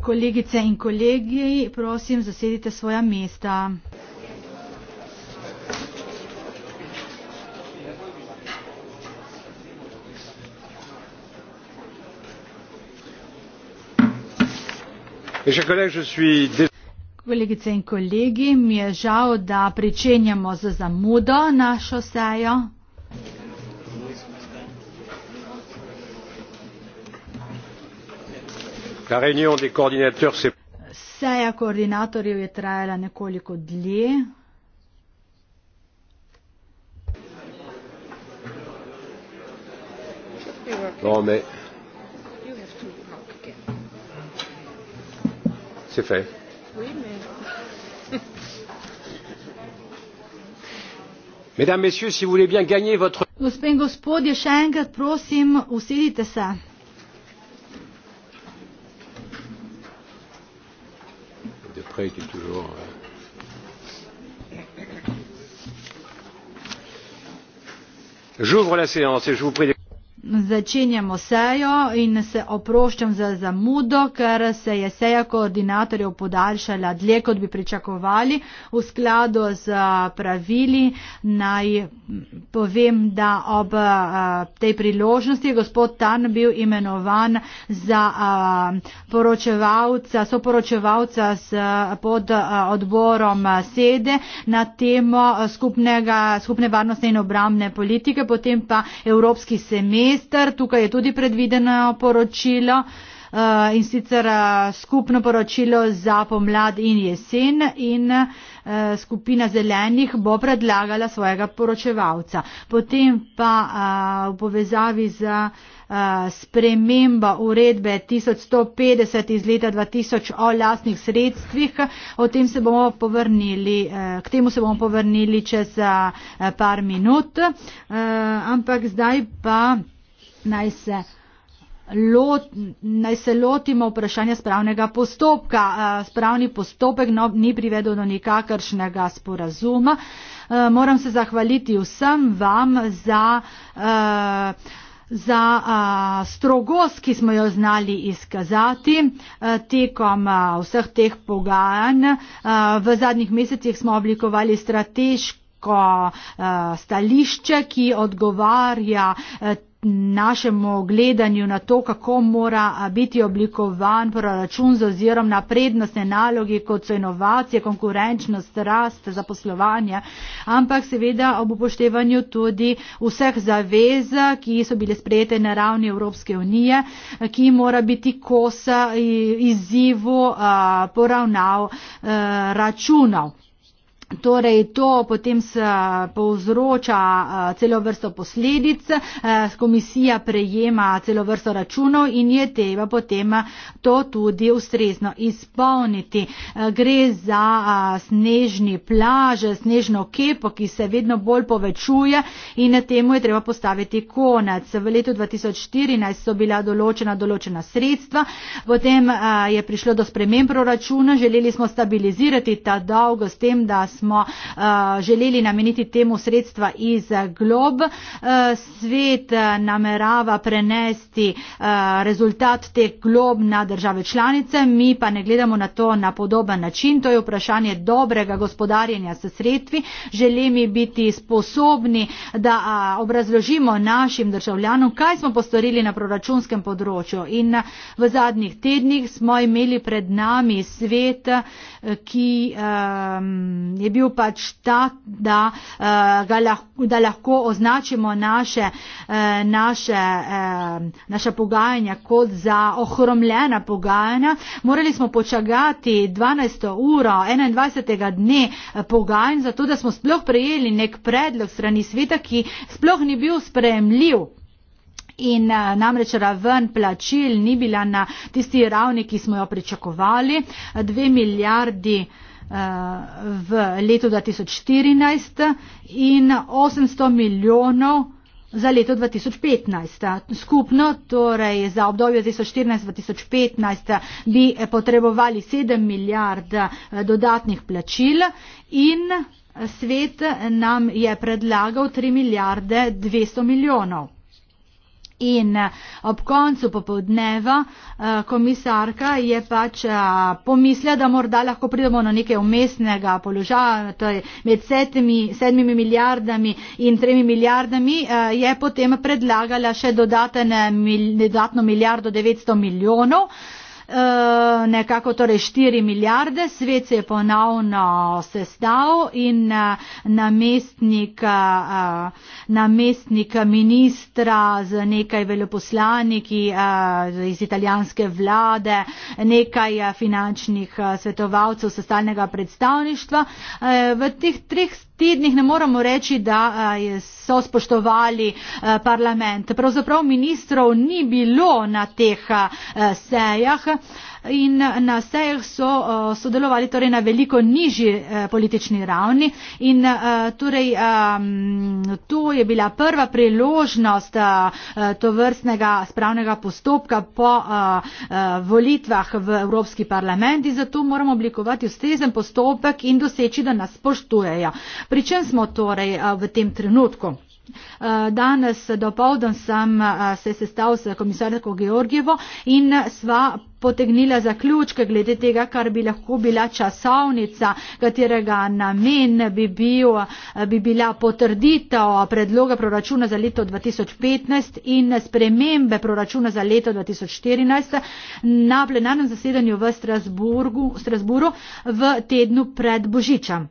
kolegice in kolegi prosim zasedite svoja mesta kolegice in kolegi mi je žal da pričenjamo z zamudo našo sejo Seja koordinatorjev je trajala nekoliko dlje. Bon, mais... C'est fait. Oui, mais... Mesdames, Messieurs, si vous voulez bien gagner votre... Gospodje, še enkrat prosim, usedite se. après, qui est toujours. Euh, J'ouvre la séance et je vous prie začenjamo sejo in se oproščam za zamudo, ker se je seja koordinatorjev podaljšala dlje, kot bi pričakovali. V skladu z eh, pravili naj povem, da ob eh, tej priložnosti je gospod Tan bil imenovan za eh, poročevalca, soporočevalca pod odborom sede na temo skupnega, skupne varnostne in obramne politike, potem pa Evropski semestr hiter, tukaj je tudi predvideno poročilo. Uh, in sicer uh, skupno poročilo za pomlad in jesen in uh, skupina zelenih bo predlagala svojega poročevalca. Potem pa uh, v povezavi z uh, spremembo uredbe 1150 iz leta 2000 o lastnih sredstvih, o tem se bomo povrnili, uh, k temu se bomo povrnili čez uh, par minut, uh, ampak zdaj pa naj se naj se lotimo vprašanja spravnega postopka. Eh, spravni postopek no, ni privedel do nikakršnega sporazuma. Eh, moram se zahvaliti vsem vam za, eh, za strogost, ki smo jo znali izkazati tekom vseh teh pogajanj. V zadnjih mesecih smo oblikovali strateško stališče, ki odgovarja našemu gledanju na to, kako mora biti oblikovan proračun z ozirom na prednostne naloge, kot so inovacije, konkurenčnost, rast, zaposlovanje, ampak seveda ob upoštevanju tudi vseh zavez, ki so bile sprejete na ravni Evropske unije, ki mora biti kosa e, izzivu poravnav e, računov. Torej, to potem povzroča celo vrsto posledic, komisija prejema celo vrsto računov in je treba potem to tudi ustrezno izpolniti. Gre za snežni plaž, snežno kepo, ki se vedno bolj povečuje in temu je treba postaviti konec. V letu 2014 so bila določena določena sredstva, potem je prišlo do sprememb proračuna, želeli smo stabilizirati ta dolg s tem, da smo eh, želeli nameniti temu sredstva iz eh, glob. Eh, svet namerava prenesti rezultat teh glob na države članice, mi pa ne gledamo na to na podoben način. To je vprašanje dobrega gospodarjenja s sredstvi. Želimo biti sposobni, da obrazložimo našim državljanom, kaj smo postorili na proračunskem področju. In v zadnjih tednih smo imeli pred nami svet, ki um, je bil pač tak, da, uh, eh, lahko, da lahko označimo naše, uh, naše, uh, naša pogajanja kot za ohromljena pogajanja. Morali smo počakati 12. uro 21. dne pogajanj, zato da smo sploh prejeli nek predlog strani sveta, ki sploh ni bil sprejemljiv. In namreč raven plačil ni bila na tisti ravni, ki smo jo pričakovali, dve milijardi v letu 2014 in 800 milijonov za leto 2015. Skupno, torej za obdobje 2014-2015, bi potrebovali 7 milijard eh, dodatnih plačil in eh, svet nam je predlagal 3 milijarde 200 milijonov. In eh, ob koncu popoldneva eh, komisarka je pač eh, pomislila, da morda lahko pridemo na nekaj umestnega položaja, to torej je med sedmi, sedmimi milijardami in tremi milijardami, je potem predlagala še dodaten, dodatno milijardo 900 milijonov, Eh, nekako torej štiri milijarde, svet se je ponovno sestavil in eh, namestnik, eh, namestnik ministra z nekaj veleposlaniki iz italijanske vlade, nekaj finančnih svetovalcev sestalnega predstavništva. V teh treh tednih ne moramo reči, da so spoštovali parlament. Pravzaprav ministrov ni bilo na teh sejah, in na sejah so eh, sodelovali torej na veliko nižji eh, politični ravni in eh, torej ehm, to je bila prva priložnost tovrstnega spravnega postopka po volitvah v Evropski parlament in zato moramo oblikovati ustrezen postopek in doseči, da nas poštujejo. Pri čem smo torej v tem trenutku? Danes do povdan sem se sestal s komisarko Georgijevo in sva potegnila zaključke glede tega, kar bi lahko bila časovnica, katerega namen bi, bil, bi bila potrditev predloga proračuna za leto 2015 in spremembe proračuna za leto 2014 na plenarnem zasedanju v Strasburgu, Strasburu v tednu pred Božičem.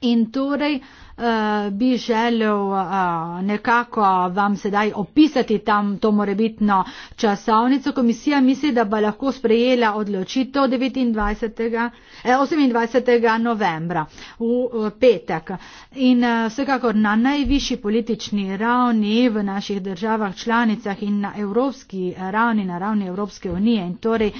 In torej, Eh, bi želel eh, nekako vam sedaj opisati tam to morebitno časovnico. Komisija misli, da bo lahko sprejela odločitev 29. 28. Eh, novembra v petek. In vsekakor na najvišji politični ravni v naših državah članicah in na evropski ravni, na ravni Evropske unije. In torej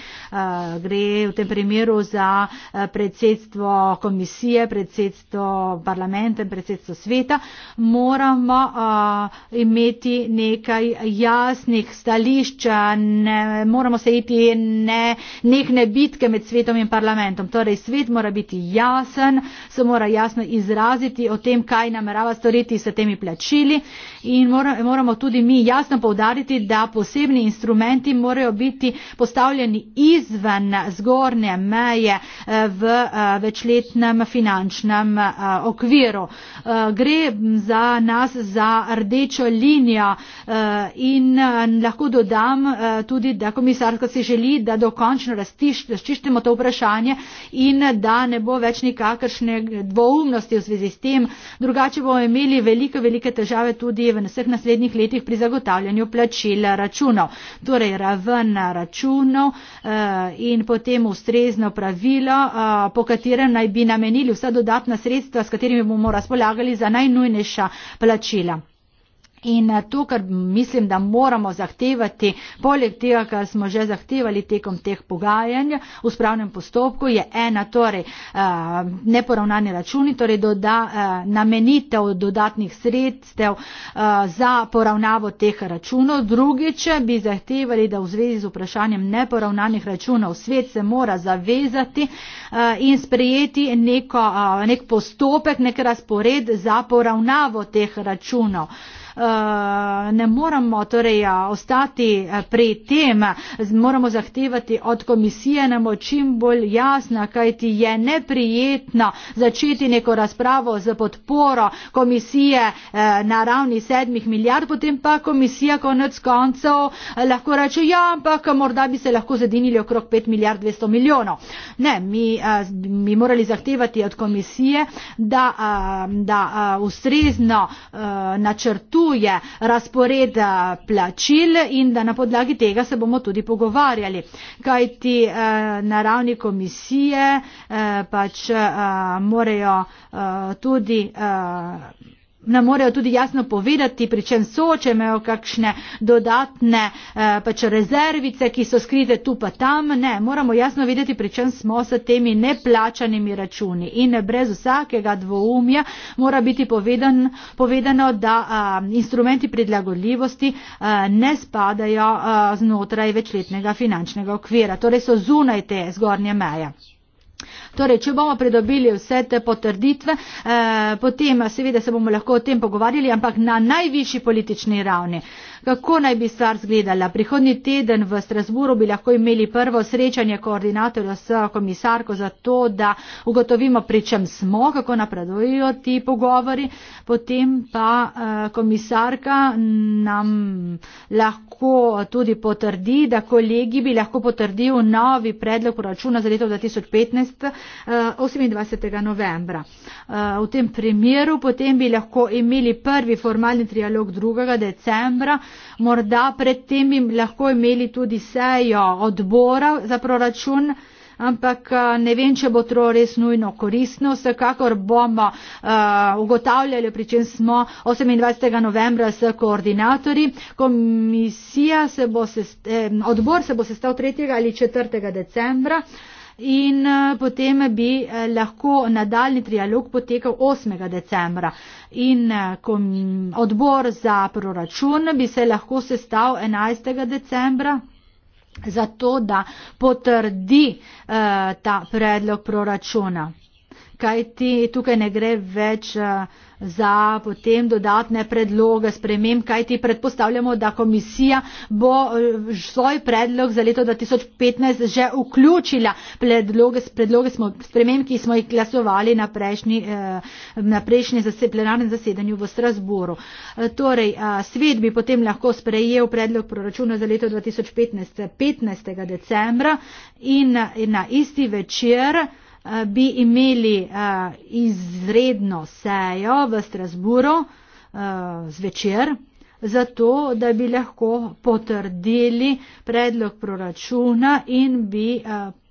gre v tem primeru za predsedstvo komisije, predsedstvo parlamenta in predsedstvo predsedstvo sveta, moramo uh, imeti nekaj jasnih stališč, ne, moramo se iti ne, nekne bitke med svetom in parlamentom. Torej, svet mora biti jasen, se mora jasno izraziti o tem, kaj namerava storiti s temi plačili in mora, moramo tudi mi jasno povdariti, da posebni instrumenti morajo biti postavljeni izven zgornje meje eh, v eh, večletnem finančnem eh, okviru. Eh, gre za nas za rdečo linijo eh, in eh, lahko dodam tudi, da komisarka si želi, da dokončno razčistimo to vprašanje in da ne bo več nikakršne dvoumnosti v zvezi s tem. Drugače bomo imeli velike, velike težave tudi v vseh naslednjih letih pri zagotavljanju plačil računov. Torej raven računov in potem ustrezno pravilo, po katerem naj bi namenili vsa dodatna sredstva, s katerimi bomo razpolagali vlagali za najnujnejša plačila. In eh, to, kar mislim, da moramo zahtevati, poleg tega, kar smo že zahtevali tekom teh pogajanj v spravnem postopku, je ena torej eh, neporavnani računi, torej doda, eh, namenitev dodatnih sredstev za poravnavo teh računov. Drugič bi zahtevali, da v zvezi z vprašanjem neporavnanih računov svet se mora zavezati in sprejeti neko, nek postopek, nek razpored za poravnavo teh računov. Eh, ne moremo torej eh, ostati eh, pri tem, moramo zahtevati od komisije, nam bo čim bolj jasna, kajti je neprijetno začeti neko razpravo z podporo komisije na ravni sedmih milijard, potem pa komisija konec koncev lahko reče, ja, ampak morda bi se lahko zedinili okrog pet milijard dvesto milijonov. Ne, mi, mi morali zahtevati od komisije, da, da ustrezno načrtuje, načrtuje razpored eh, plačil in da na podlagi tega se bomo tudi pogovarjali. Kajti eh, na ravni komisije eh, pač morajo tudi nam morajo tudi jasno povedati, pri čem so, če imajo kakšne dodatne eh, pač rezervice, ki so skrite tu pa tam. Ne, moramo jasno vedeti, pri čem smo s temi neplačanimi računi. In brez vsakega dvoumja mora biti povedan, povedano, da eh, instrumenti predlagoljivosti eh, ne spadajo eh, znotraj večletnega finančnega okvira, torej so zunaj te zgornje meje. Torej, če bomo pridobili vse te potrditve, eh, potem seveda se bomo lahko o tem pogovarjali, ampak na najvišji politični ravni. Kako naj bi stvar zgledala? Prihodni teden v Strasburu bi lahko imeli prvo srečanje koordinatorja s komisarko za to, da ugotovimo, pri čem smo, kako napredujejo ti pogovori. Potem pa eh, komisarka nam lahko tudi potrdi, da kolegi bi lahko potrdil novi predlog proračuna za leto 2015 28. Eh, novembra. Eh, v tem primeru potem bi lahko imeli prvi formalni trialog 2. decembra morda predtem bi lahko imeli tudi sejo odbora za proračun, ampak eh, ne vem, če bo to res nujno koristno. Vsekakor bomo uh, ugotavljali, pri čem smo 28. novembra s koordinatorji. Komisija se bo, sest, eh, odbor se bo sestal 3. ali 4. decembra. In eh, potem bi lahko nadaljni trialog potekal 8. decembra in eh, kom, odbor za proračun bi se lahko sestal 11. decembra zato da potrdi uh, ta predlog proračuna. Kaj ti tukaj ne gre več uh, za potem dodatne predloge, spremem, kaj ti predpostavljamo, da komisija bo eh, svoj predlog za leto 2015 že vključila predloge, predloge smo, spremem, ki smo jih glasovali na prejšnji, eh, na prejšnji zase, plenarnem zasedanju v Strasboru. Eh, torej, svet bi potem lahko sprejel predlog proračuna za leto 2015 15. decembra in, in na isti večer Eh, bi imeli eh, izredno sejo v Strasburu eh, zvečer, zato da bi lahko potrdili predlog proračuna in bi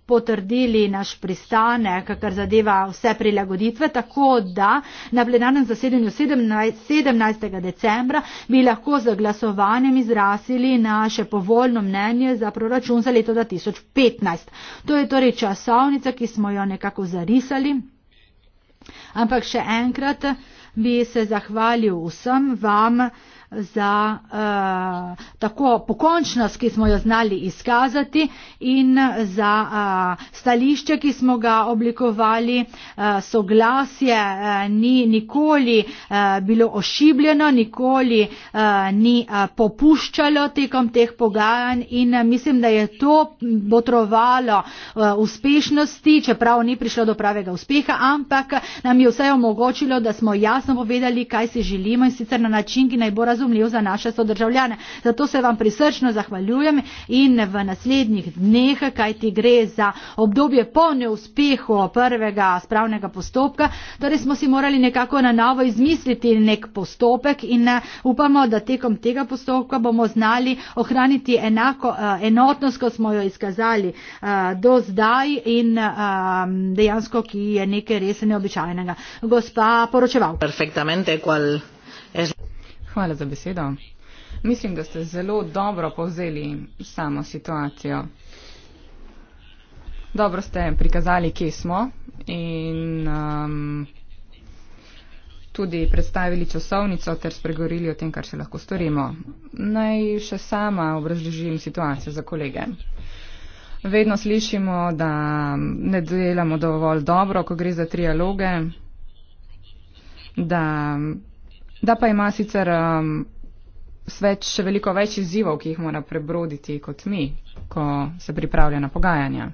potrdili naš pristanek, kar zadeva vse prilagoditve, tako da na plenarnem zasedanju 17. decembra bi lahko z glasovanjem izrasili naše povoljno mnenje za proračun za leto 2015. To je torej časovnica, ki smo jo nekako zarisali. Ampak še enkrat bi se zahvalil vsem vam, za uh, tako pokončnost, ki smo jo znali izkazati in eh, za uh, stališče, ki smo ga oblikovali. Uh, soglasje uh, ni nikoli uh, bilo ošibljeno, nikoli uh, ni uh, popuščalo tekom teh pogajanj in uh, mislim, da je to botrovalo uh, uspešnosti, čeprav ni prišlo do pravega uspeha, ampak nam je vse omogočilo, da smo jasno povedali, kaj si želimo in sicer na način, ki naj bo razumljen razumljiv za naše sodržavljane. Zato se vam prisrčno zahvaljujem in v naslednjih dneh, kaj ti gre za obdobje po neuspehu prvega spravnega postopka, torej smo si morali nekako na novo izmisliti nek postopek in eh, upamo, da tekom tega postopka bomo znali ohraniti enako eh, enotnost, kot smo jo izkazali eh, do zdaj in dejansko, ki je nekaj res neobičajnega. Gospa poročeval. Perfektamente, kval. Hvala za besedo. Mislim, da ste zelo dobro povzeli samo situacijo. Dobro ste prikazali, kje smo in um, tudi predstavili časovnico ter spregovorili o tem, kar še lahko storimo. Naj še sama obrazložim situacijo za kolege. Vedno slišimo, da ne delamo dovolj dobro, ko gre za trialoge, da Da pa ima sicer um, svet še veliko več izzivov, ki jih mora prebroditi kot mi, ko se pripravlja na pogajanja.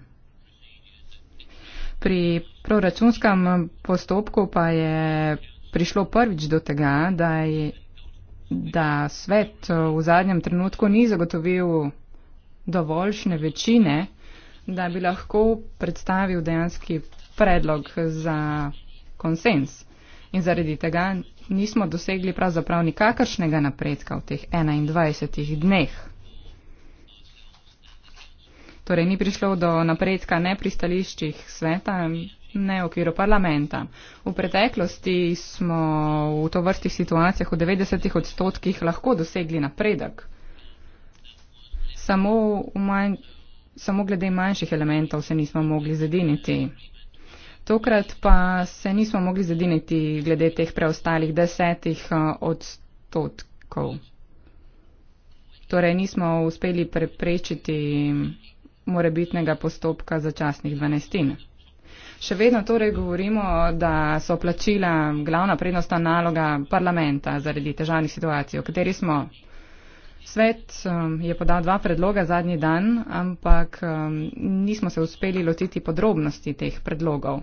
Pri proračunskem postopku pa je prišlo prvič do tega, da, je, da svet uh, v zadnjem trenutku ni zagotovil dovoljšne večine, da bi lahko predstavil dejanski predlog za konsens. In zaradi tega nismo dosegli pravzaprav nikakršnega napredka v teh 21 dneh. Torej ni prišlo do napredka ne pri stališčih sveta, ne v okviru parlamenta. V preteklosti smo v to vrsti situacijah v 90 odstotkih lahko dosegli napredek. Samo, manj, samo glede manjših elementov se nismo mogli zediniti. Tokrat pa se nismo mogli zediniti glede teh preostalih desetih eh, odstotkov. Torej nismo uspeli preprečiti morebitnega postopka začasnih dvanestin. Še vedno torej govorimo, da so plačila glavna prednostna naloga parlamenta zaradi težavnih situacij, v kateri smo. Svet eh, je podal dva predloga zadnji dan, ampak eh, nismo se uspeli lotiti podrobnosti teh predlogov.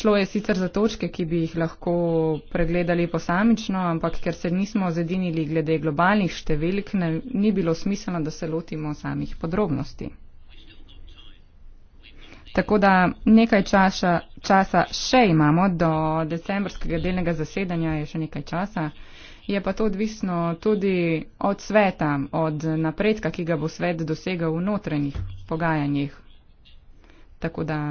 Šlo je sicer za točke, ki bi jih lahko pregledali posamično, ampak ker se nismo zedinili glede globalnih številk, ne, ni bilo smiselno, da se lotimo samih podrobnosti. Tako da nekaj časa, časa še imamo do decembrskega delnega zasedanja, je še nekaj časa. Je pa to odvisno tudi od sveta, od napredka, ki ga bo svet dosegal v notranjih pogajanjih. Tako da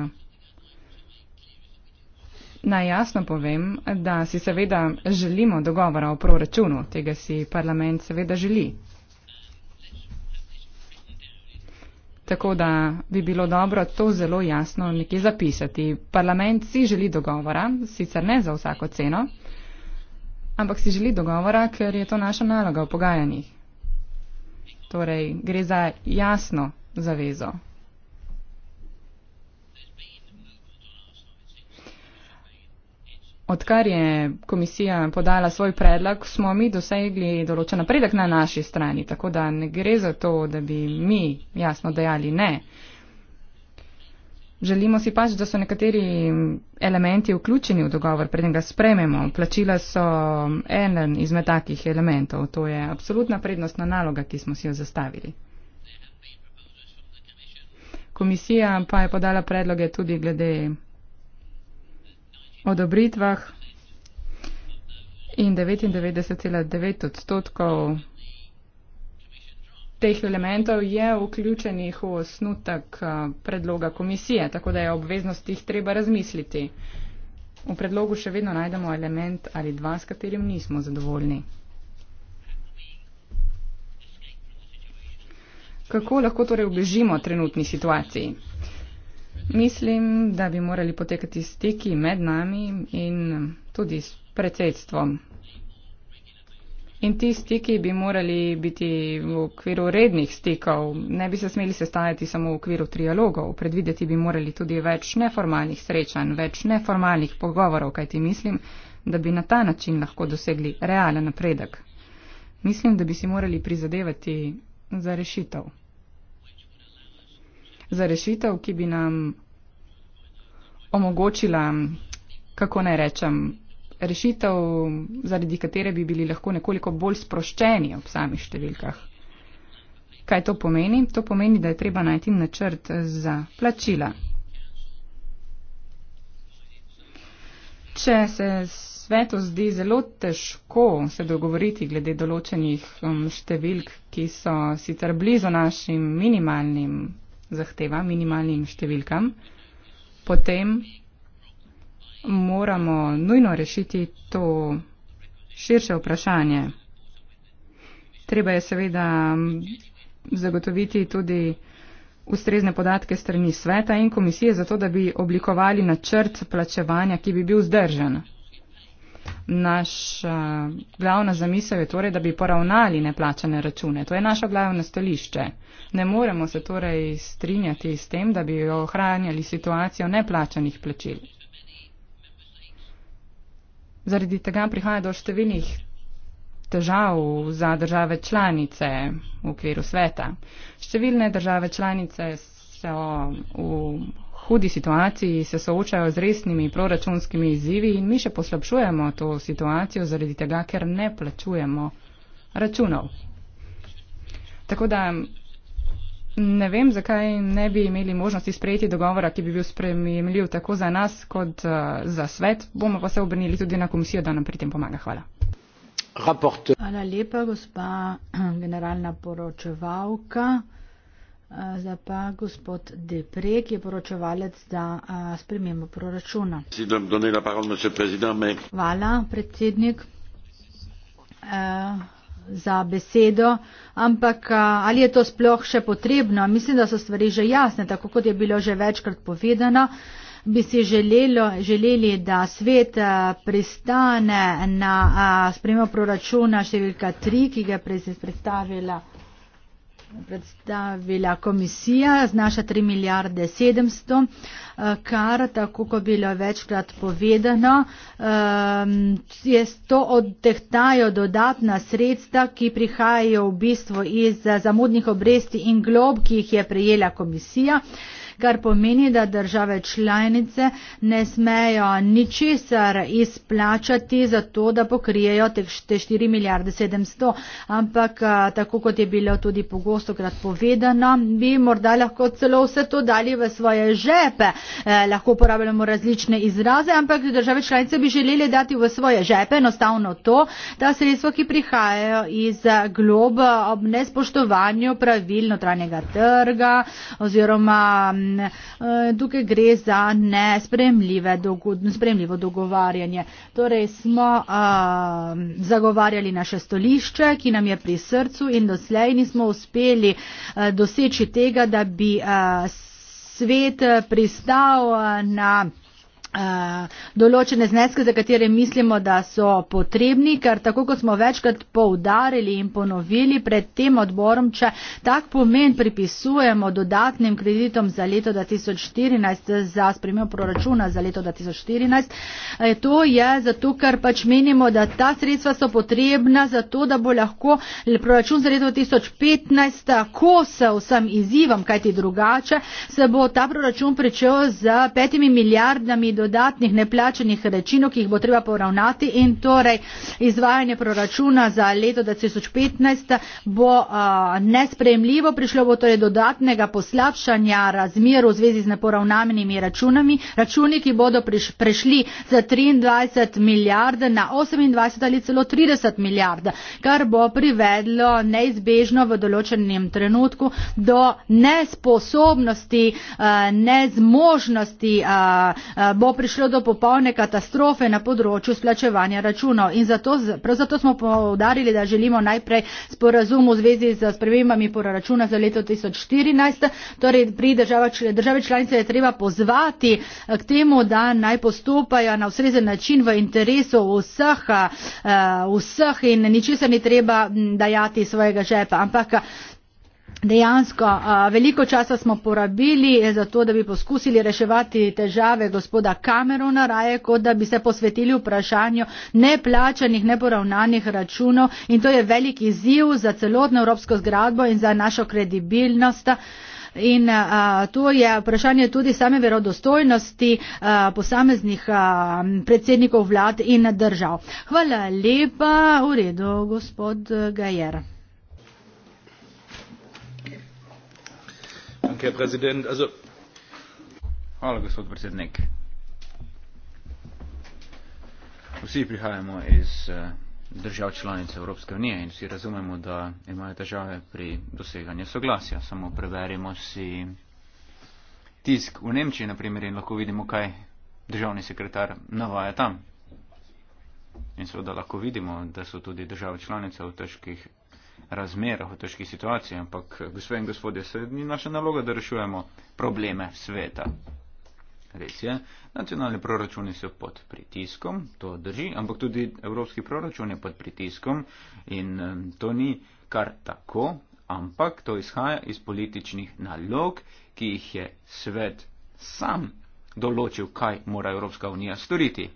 Naj jasno povem, da si seveda želimo dogovora o proračunu, tega si parlament seveda želi. Tako da bi bilo dobro to zelo jasno nekje zapisati. Parlament si želi dogovora, sicer ne za vsako ceno, ampak si želi dogovora, ker je to naša naloga v pogajanjih. Torej, gre za jasno zavezo. Odkar je komisija podala svoj predlog, smo mi dosegli določen napredek na naši strani, tako da ne gre za to, da bi mi jasno dejali ne. Želimo si pač, da so nekateri elementi vključeni v dogovor, preden ga sprememo. Plačila so en izmed takih elementov. To je absolutna prednostna naloga, ki smo si jo zastavili. Komisija pa je podala predloge tudi glede odobritvah in 99,9 odstotkov teh elementov je vključenih v osnutek predloga komisije, tako da je obveznost jih treba razmisliti. V predlogu še vedno najdemo element ali dva, s katerim nismo zadovoljni. Kako lahko torej obežimo trenutni situaciji? Mislim, da bi morali potekati stiki med nami in tudi s predsedstvom. In ti stiki bi morali biti v okviru rednih stikov, ne bi se smeli sestajati samo v okviru trialogov, predvideti bi morali tudi več neformalnih srečanj, več neformalnih pogovorov, kajti mislim, da bi na ta način lahko dosegli realen napredek. Mislim, da bi si morali prizadevati za rešitev za rešitev, ki bi nam omogočila, kako naj rečem, rešitev, zaradi katere bi bili lahko nekoliko bolj sproščeni ob samih številkah. Kaj to pomeni? To pomeni, da je treba najti načrt za plačila. Če se svetu zdi zelo težko se dogovoriti glede določenih um, številk, ki so sicer blizu našim minimalnim zahtevam, minimalnim številkam, potem moramo nujno rešiti to širše vprašanje. Treba je seveda zagotoviti tudi ustrezne podatke strani sveta in komisije, zato da bi oblikovali načrt plačevanja, ki bi bil zdržan naš uh, glavna zamisel je torej, da bi poravnali neplačane račune. To je naše glavno stališče. Ne moremo se torej strinjati s tem, da bi ohranjali situacijo neplačanih plačil. Zaradi tega prihaja do številnih težav za države članice v okviru sveta. Številne države članice so v hudi situaciji, se soočajo z resnimi proračunskimi izzivi in mi še poslabšujemo to situacijo zaradi tega, ker ne plačujemo računov. Tako da ne vem, zakaj ne bi imeli možnosti sprejeti dogovora, ki bi bil sprejemljiv tako za nas kot eh, za svet. Bomo pa se obrnili tudi na komisijo, da nam pri tem pomaga. Hvala. Raporte. Hvala lepa, gospa generalna poročevalka. Zdaj pa gospod Depre, ki je poročevalec za spremembo proračuna. Hvala, predsednik, za besedo. Ampak ali je to sploh še potrebno? Mislim, da so stvari že jasne, tako kot je bilo že večkrat povedano. Bi si želelo, želeli, da svet pristane na spremembo proračuna številka 3, ki ga je predsednik predstavila predstavila komisija, znaša 3 milijarde 700, eh, kar, tako kot bilo večkrat povedano, ehm, je to odtehtajo dodatna sredstva, ki prihajajo v bistvu iz eh, zamudnih obresti in glob, ki jih je prejela komisija kar pomeni, da države članice ne smejo ničesar izplačati za to, da pokrijejo te 4 milijarde 700. Ampak tako kot je bilo tudi pogosto krat povedano, bi morda lahko celo vse to dali v svoje žepe. Eh, lahko uporabljamo različne izraze, ampak države članice bi želeli dati v svoje žepe enostavno to, da sredstvo, ki prihajajo iz globa ob nespoštovanju pravil notranjega trga oziroma Eh, tukaj gre za nesprejemljivo dogo, dogovarjanje. Torej smo a, eh, zagovarjali naše stolišče, ki nam je pri srcu in doslej nismo uspeli a, eh, doseči tega, da bi a, svet pristal a, na. Eh, določene zneske, za katere mislimo, da so potrebni, ker tako kot smo večkrat poudarili in ponovili pred tem odborom, če tak pomen pripisujemo dodatnim kreditom za leto 2014, za spremljo proračuna za leto 2014, eh, to je zato, ker pač menimo, da ta sredstva so potrebna za to, da bo lahko proračun za leto 2015, ko se vsem izzivam, kajti drugače, se bo ta proračun pričel z petimi milijardami dodatnih neplačenih rečinov, ki jih bo treba poravnati in torej izvajanje proračuna za leto 2015 bo nesprejemljivo, prišlo bo torej dodatnega poslabšanja razmer v zvezi z neporavnanimi računami, računi, ki bodo prešli za 23 milijarde na 28 ali celo 30 milijard, kar bo privedlo neizbežno v določenem trenutku do nesposobnosti, nezmožnosti bo prišlo do popolne katastrofe na področju splačevanja računov. In zato, prav zato smo povdarili, da želimo najprej sporazum v zvezi z spremembami proračuna za leto 2014. Torej, pri države, države članice je treba pozvati eh, k temu, da naj postopajo na ustrezen način v interesu vseh, eh, vseh in ničesar ni treba dajati svojega žepa. Ampak Dejansko, veliko časa smo porabili eh, za to, da bi poskusili reševati težave gospoda Kamerona raje, kot da bi se posvetili vprašanju neplačanih, neporavnanih računov in to je velik izziv za celotno evropsko zgradbo in za našo kredibilnost. In a, to je vprašanje tudi same verodostojnosti a, posameznih a, predsednikov vlad in držav. Hvala lepa, v redu, gospod Gajer. Vsi prihajamo iz eh, držav članic Evropske unije in vsi razumemo, da imajo težave pri doseganju soglasja. Samo preverimo si tisk v Nemčiji, na primer, in lahko vidimo, kaj državni sekretar navaja tam. In seveda lahko vidimo, da so tudi države članice v težkih razmerah, v težkih situacijah, ampak gospe in gospodje, se ni naša naloga, da rešujemo probleme sveta. Res je, nacionalni proračuni so pod pritiskom, to drži, ampak tudi evropski proračun je pod pritiskom in to ni kar tako, ampak to izhaja iz političnih nalog, ki jih je svet sam določil, kaj mora Evropska unija storiti.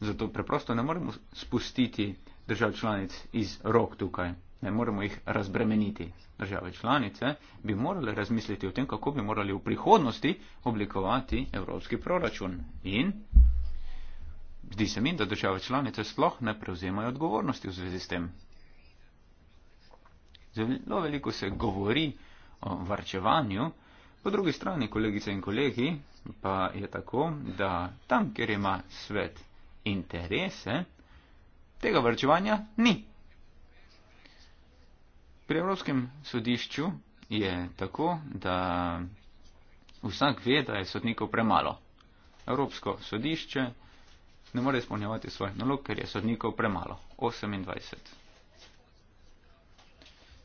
Zato preprosto ne moremo spustiti držav članic iz rok tukaj. Ne moramo jih razbremeniti. Države članice bi morale razmisliti o tem, kako bi morali v prihodnosti oblikovati evropski proračun. In zdi se mi, da države članice sploh ne prevzemajo odgovornosti v zvezi s tem. Zelo veliko se govori o varčevanju, po drugi strani, kolegice in kolegi, pa je tako, da tam, kjer ima svet interese, tega varčevanja ni. Pri Evropskem sodišču je tako, da vsak ve, da je sodnikov premalo. Evropsko sodišče ne more izpolnjevati svojih nalog, ker je sodnikov premalo. 28.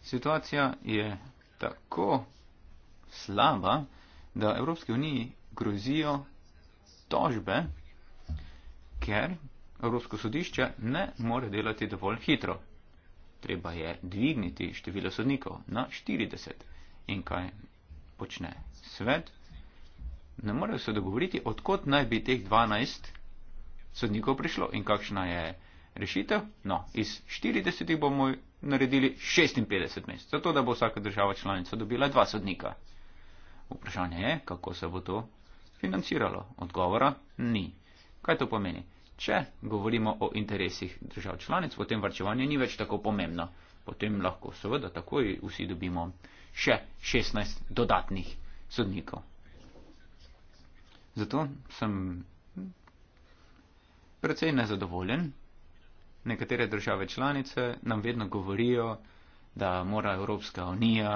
Situacija je tako slaba, da Evropski uniji grozijo tožbe, ker Evropsko sodišče ne more delati dovolj hitro. Treba je dvigniti število sodnikov na 40. In kaj počne svet? Ne morejo se dogovoriti, odkot naj bi teh 12 sodnikov prišlo in kakšna je rešitev. No, iz 40 bomo naredili 56 mest, zato da bo vsaka država članica dobila dva sodnika. Vprašanje je, kako se bo to financiralo. Odgovora ni. Kaj to pomeni? Če govorimo o interesih držav članic, potem varčevanje ni več tako pomembno. Potem lahko seveda takoj vsi dobimo še 16 dodatnih sodnikov. Zato sem precej nezadovoljen. Nekatere države članice nam vedno govorijo, da mora Evropska unija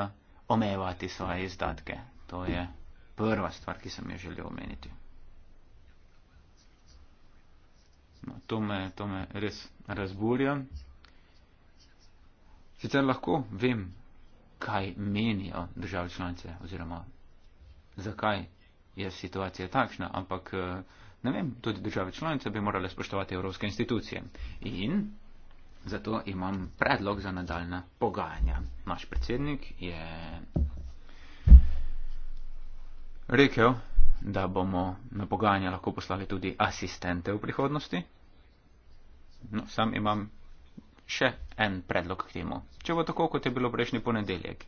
omejevati svoje izdatke. To je prva stvar, ki sem jo želel omeniti. No, to, me, to me res razburja. Sicer lahko vem, kaj menijo države članice oziroma zakaj je situacija takšna, ampak eh, ne vem, tudi države članice bi morale spoštovati evropske institucije. In zato imam predlog za nadaljna pogajanja. Naš predsednik je rekel, da bomo na pogajanja lahko poslali tudi asistente v prihodnosti. No, sam imam še en predlog k temu. Če bo tako, kot je bilo prejšnji ponedeljek,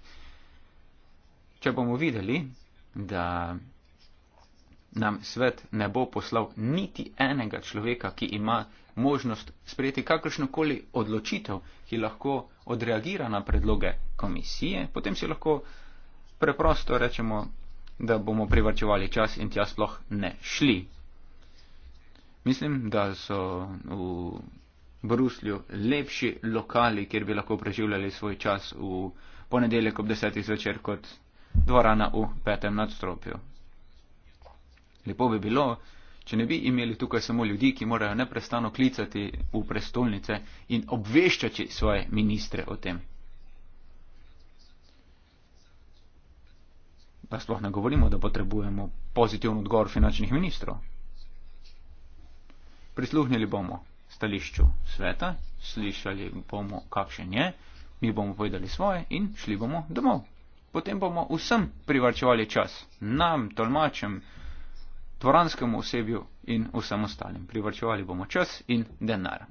če bomo videli, da nam svet ne bo poslal niti enega človeka, ki ima možnost sprejeti kakršnokoli odločitev, ki lahko odreagira na predloge komisije, potem si lahko preprosto rečemo, da bomo privrčevali čas in tja sploh ne šli. Mislim, da so v Bruslju lepši lokali, kjer bi lahko preživljali svoj čas v ponedeljek ob desetih zvečer kot dvorana v petem nadstropju. Lepo bi bilo, če ne bi imeli tukaj samo ljudi, ki morajo neprestano klicati v prestolnice in obveščati svoje ministre o tem. pa sploh ne govorimo, da potrebujemo pozitivno odgovor finančnih ministrov. Prisluhnili bomo stališču sveta, slišali bomo, kakšen je, mi bomo povedali svoje in šli bomo domov. Potem bomo vsem privarčevali čas, nam, tolmačem, tvoranskemu osebju in vsem ostalim. Privarčevali bomo čas in denar.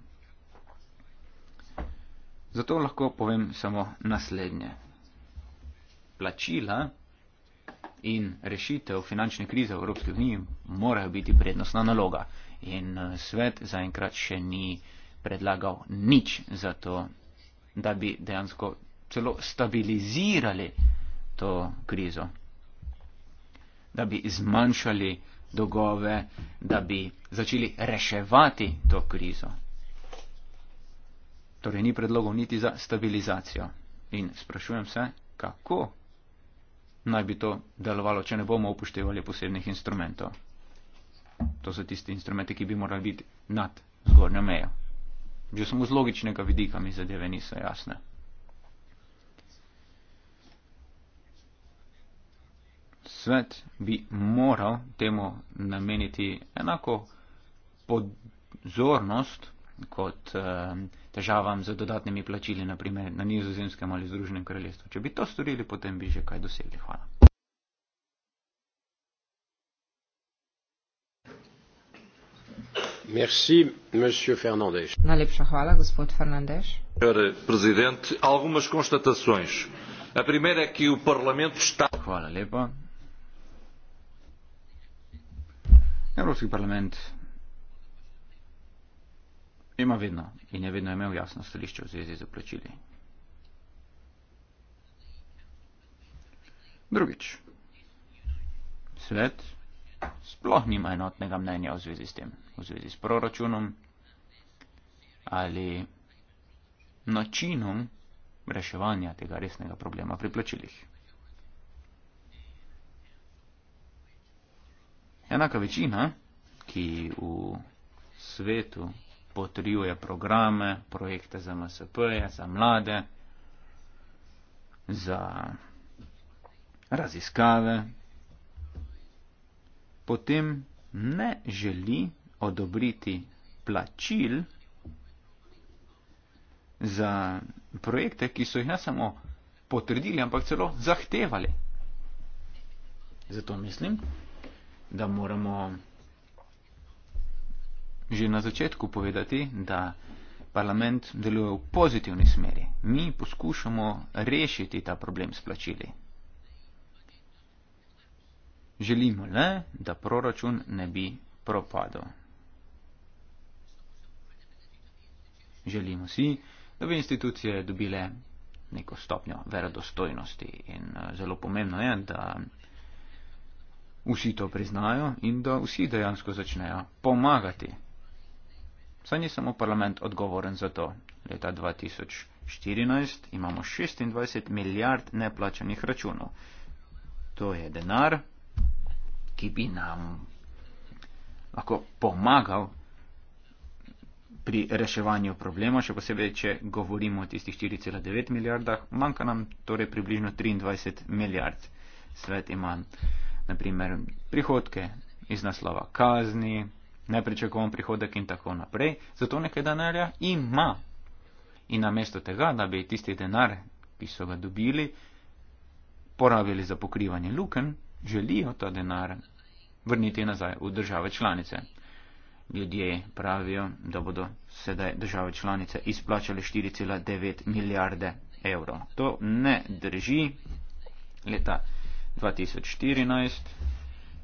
Zato lahko povem samo naslednje. Plačila in rešitev finančne krize v Evropski uniji morajo biti prednostna naloga. In eh, svet zaenkrat še ni predlagal nič za to, da bi dejansko celo stabilizirali to krizo, da bi zmanjšali dolgove, da bi začeli reševati to krizo. Torej ni predlogov niti za stabilizacijo. In sprašujem se, kako naj bi to delovalo, če ne bomo upoštevali posebnih instrumentov. To so tisti instrumenti, ki bi morali biti nad zgornjo mejo. Že samo z logičnega vidika mi zadeve niso jasne. Svet bi moral temu nameniti enako pozornost kot eh, težavam z dodatnimi plačili, naprimer na nizozemskem ali Združenem kraljestvu. Če bi to storili, potem bi že kaj dosegli. Hvala. Merci, monsieur Fernandez. Najlepša hvala, gospod Fernandez. Senor president, algumas constatações. A primeira é que o parlamento está. Hvala lepa. Evropski parlament Ima vedno in je vedno imel jasno stališče v zvezi z plačili. Drugič. Svet sploh nima enotnega mnenja v zvezi s tem, v zvezi s proračunom ali načinom reševanja tega resnega problema pri plačilih. Enaka večina, ki v svetu potrjuje programe, projekte za MSP-je, za mlade, za raziskave. Potem ne želi odobriti plačil za projekte, ki so jih ne samo potrdili, ampak celo zahtevali. Zato mislim, da moramo že na začetku povedati, da parlament deluje v pozitivni smeri. Mi poskušamo rešiti ta problem s plačili. Želimo le, da proračun ne bi propadel. Želimo si, da bi institucije dobile neko stopnjo verodostojnosti in eh, zelo pomembno je, da vsi to priznajo in da vsi dejansko začnejo pomagati Saj nisem v parlament odgovoren za to. Leta 2014 imamo 26 milijard neplačanih računov. To je denar, ki bi nam lahko pomagal pri reševanju problema, še posebej, če govorimo o tistih 4,9 milijardah, manjka nam torej približno 23 milijard. Svet ima, naprimer, prihodke iz naslova kazni, nepričakovan prihodek in tako naprej, zato nekaj denarja ima. In namesto tega, da bi tisti denar, ki so ga dobili, porabili za pokrivanje luken, želijo ta denar vrniti nazaj v države članice. Ljudje pravijo, da bodo sedaj države članice izplačale 4,9 milijarde evrov. To ne drži. Leta 2014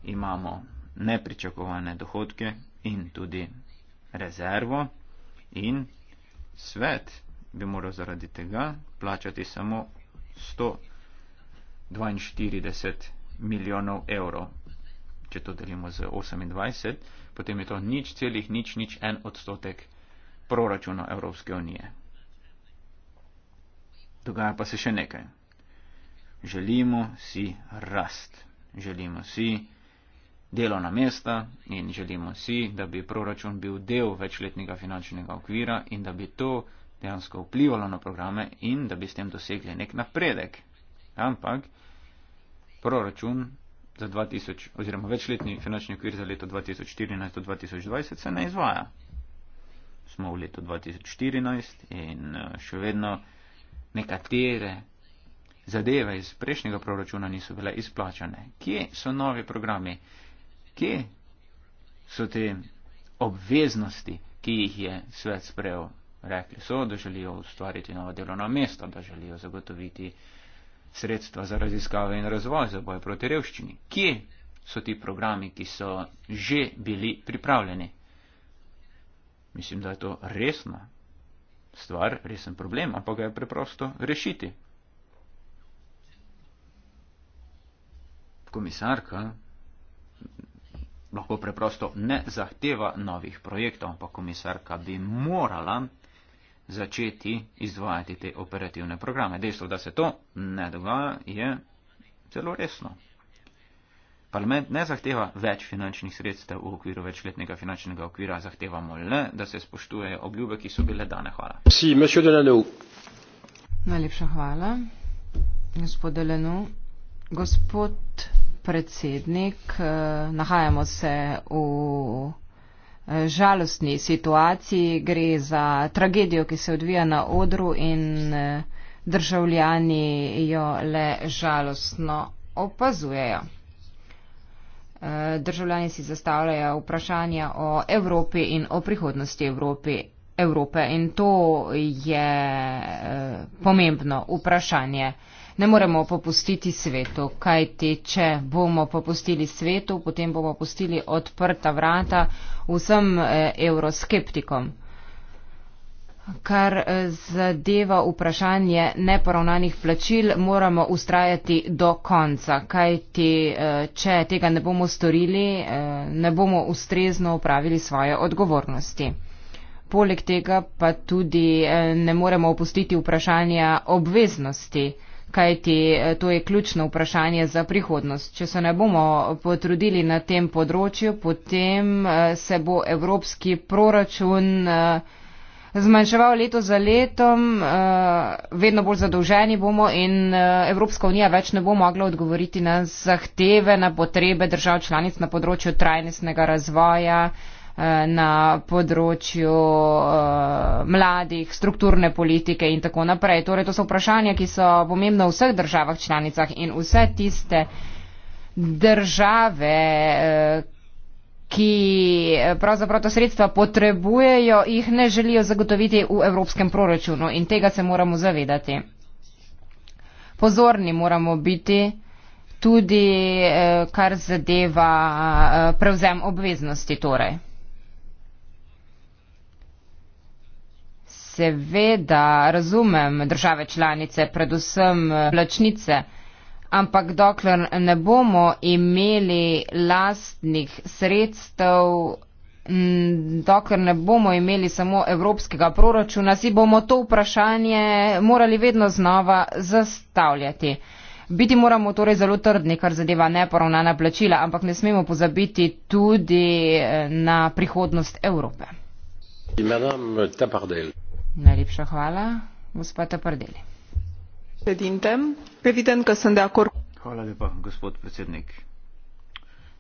imamo nepričakovane dohodke, in tudi rezervo in svet bi moral zaradi tega plačati samo 142 milijonov evrov. Če to delimo z 28, potem je to nič celih nič nič en odstotek proračuna Evropske unije. Dogaja pa se še nekaj. Želimo si rast. Želimo si delovna mesta in želimo si, da bi proračun bil del večletnega finančnega okvira in da bi to dejansko vplivalo na programe in da bi s tem dosegli nek napredek. Ampak proračun za 2000 oziroma večletni finančni okvir za leto 2014 do 2020 se ne izvaja. Smo v letu 2014 in eh, še vedno nekatere zadeve iz prejšnjega proračuna niso bile izplačane. Kje so novi programi? Kje so te obveznosti, ki jih je svet sprejel? Rekli so, da želijo ustvariti nova delovna mesta, da želijo zagotoviti sredstva za raziskave in razvoj, za boj proti revščini. Kje so ti programi, ki so že bili pripravljeni? Mislim, da je to resna stvar, resen problem, ampak ga je preprosto rešiti. Komisarka lahko preprosto ne zahteva novih projektov, ampak komisarka bi morala začeti izvajati te operativne programe. Dejstvo, da se to ne dogaja, je zelo resno. Parlament ne zahteva več finančnih sredstev v okviru večletnega finančnega okvira, zahtevamo le, da se spoštujejo obljube, ki so bile dane. Hvala. Si, Najlepša hvala. Gospod Delenu, gospod predsednik. Eh, nahajamo se v eh, žalostni situaciji. Gre za tragedijo, ki se odvija na odru in eh, državljani jo le žalostno opazujejo. Državljani si zastavljajo vprašanja o Evropi in o prihodnosti Evropi, Evrope in to je pomembno vprašanje ne moremo popustiti svetu, kaj ti, če bomo popustili svetu, potem bomo pustili odprta vrata vsem euroskeptikom. Eh, Kar eh, zadeva vprašanje neporavnanih plačil, moramo ustrajati do konca, kaj ti, eh, če tega ne bomo storili, ne bomo ustrezno upravili svoje odgovornosti. Poleg tega pa tudi ne moremo opustiti vprašanja obveznosti kajti eh, to je ključno vprašanje za prihodnost. Če se ne bomo potrudili na tem področju, potem eh, se bo evropski proračun eh, zmanjševal leto za letom, vedno bolj zadolženi bomo in Evropska unija več ne bo mogla odgovoriti na zahteve, na potrebe držav članic na področju trajnostnega razvoja Eh, na področju eh, mladih, strukturne politike in tako naprej. Torej, to so vprašanja, ki so pomembna v vseh državah članicah in vse tiste države, eh, ki pravzaprav to sredstva potrebujejo, jih ne želijo zagotoviti v evropskem proračunu in tega se moramo zavedati. Pozorni moramo biti tudi, kar zadeva prevzem obveznosti torej. seveda razumem države članice, predvsem eh, plačnice, ampak dokler ne bomo imeli lastnih sredstev, dokler ne bomo imeli samo evropskega proračuna, si bomo to vprašanje morali vedno znova zastavljati. Biti moramo torej zelo trdni, kar zadeva neporovnana plačila, ampak ne smemo pozabiti tudi eh, na prihodnost Evrope. Madame Tapardel. Najlepša hvala. Gospa Taprdeli. Sedintem, evidentno sem de akord. Hvala lepa, gospod predsednik.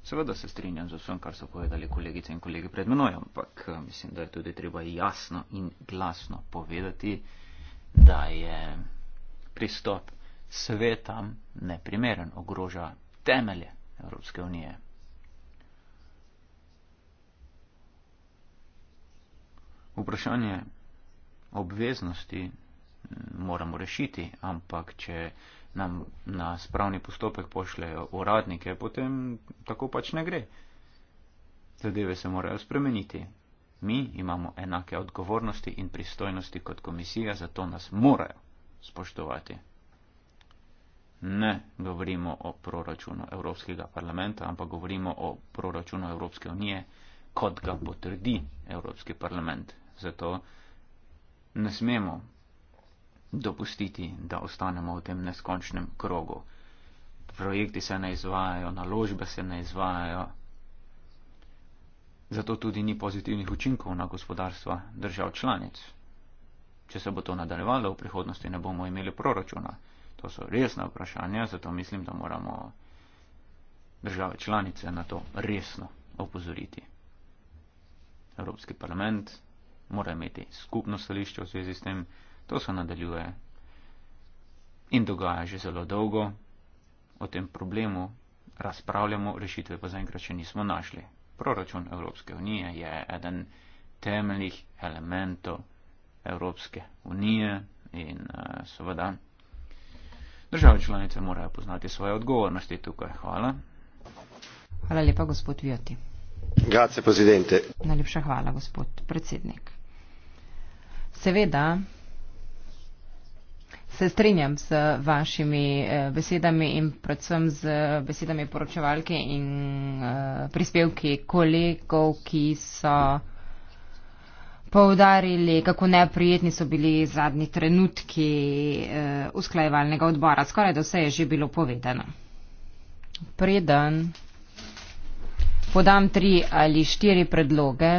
Seveda se strinjam z vsem, kar so povedali kolegice in kolegi pred menoj, ampak eh, mislim, da je tudi treba jasno in glasno povedati, da je pristop sveta neprimeren, ogroža temelje Evropske unije. Vprašanje obveznosti moramo rešiti, ampak če nam na spravni postopek pošljejo uradnike, potem tako pač ne gre. Zadeve se morajo spremeniti. Mi imamo enake odgovornosti in pristojnosti kot komisija, zato nas morajo spoštovati. Ne govorimo o proračunu Evropskega parlamenta, ampak govorimo o proračunu Evropske unije, kot ga potrdi Evropski parlament. Zato Ne smemo dopustiti, da ostanemo v tem neskončnem krogu. Projekti se ne izvajajo, naložbe se ne izvajajo. Zato tudi ni pozitivnih učinkov na gospodarstva držav članic. Če se bo to nadaljevalo, v prihodnosti ne bomo imeli proračuna. To so resna vprašanja, zato mislim, da moramo države članice na to resno opozoriti. Evropski parlament, mora imeti skupno stališče v zvezi s tem, to se nadaljuje in dogaja že zelo dolgo, o tem problemu razpravljamo, rešitve pa zaenkrat še nismo našli. Proračun Evropske unije je eden temeljnih elementov Evropske unije in eh, seveda države članice morajo poznati svoje odgovornosti tukaj. Hvala. Hvala lepa, gospod Vjoti. Grazie, Presidente. Najlepša hvala, gospod predsednik. Seveda. Se strinjam z vašimi eh, besedami in predvsem z eh, besedami poročevalke in eh, prispevki kolegov, ki so povdarili, kako neprijetni so bili zadnji trenutki usklajevalnega odbora. Skoraj da vse je že bilo povedano. Preden podam tri ali štiri predloge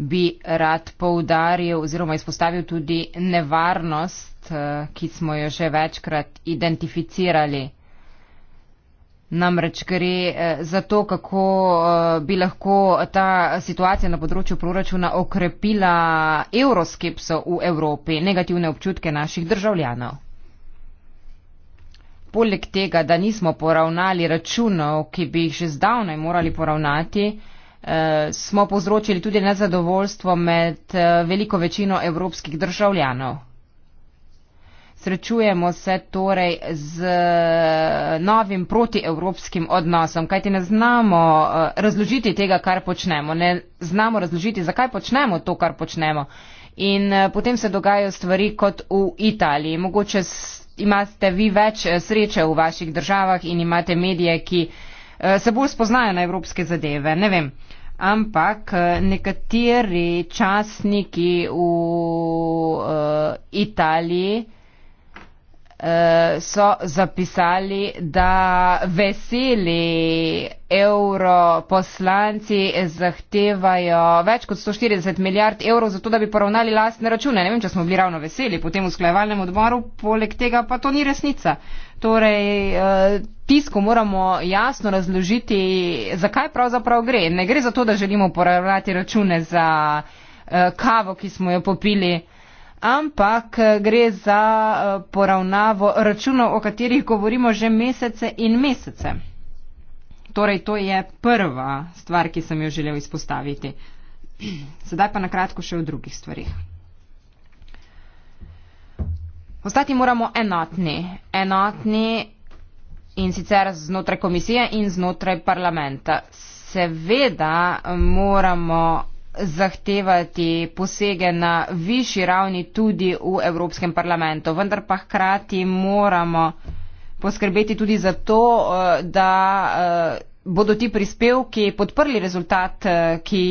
bi rad poudaril oziroma izpostavil tudi nevarnost, eh, ki smo jo že večkrat identificirali. Namreč gre eh, za to, kako eh, bi lahko ta situacija na področju proračuna okrepila euroskepso v Evropi, negativne občutke naših državljanov. Poleg tega, da nismo poravnali računov, ki bi jih že zdavnaj morali poravnati, eh, smo povzročili tudi nezadovoljstvo med eh, veliko večino evropskih državljanov. Srečujemo se torej z eh, novim protievropskim odnosom, kajti ne znamo eh, razložiti tega, kar počnemo, ne znamo razložiti, zakaj počnemo to, kar počnemo. In eh, potem se dogajajo stvari kot v Italiji. Mogoče imate vi več sreče v vaših državah in imate medije, ki uh, Eh, se bolj spoznajo na evropske zadeve, ne vem. Ampak eh, nekateri časniki v uh, Italiji uh, so zapisali, da veseli europoslanci zahtevajo več kot 140 milijard evrov, zato da bi poravnali lastne račune. Ne vem, če smo bili ravno veseli po tem usklajevalnem odboru, poleg tega pa to ni resnica. Uh, Torej, eh, tisku moramo jasno razložiti, zakaj pravzaprav gre. Ne gre za to, da želimo poravnati račune za eh, kavo, ki smo jo popili, ampak eh, gre za poravnavo računov, o katerih govorimo že mesece in mesece. Torej, to je prva stvar, ki sem jo želel izpostaviti. Sedaj pa na kratko še o drugih stvarih. Ostati moramo enotni. Enotni in sicer znotraj komisije in znotraj parlamenta. Seveda eh, moramo zahtevati posege na višji ravni tudi v Evropskem parlamentu, vendar pa hkrati moramo poskrbeti tudi za to, eh, da eh, bodo ti prispevki podprli rezultat ki,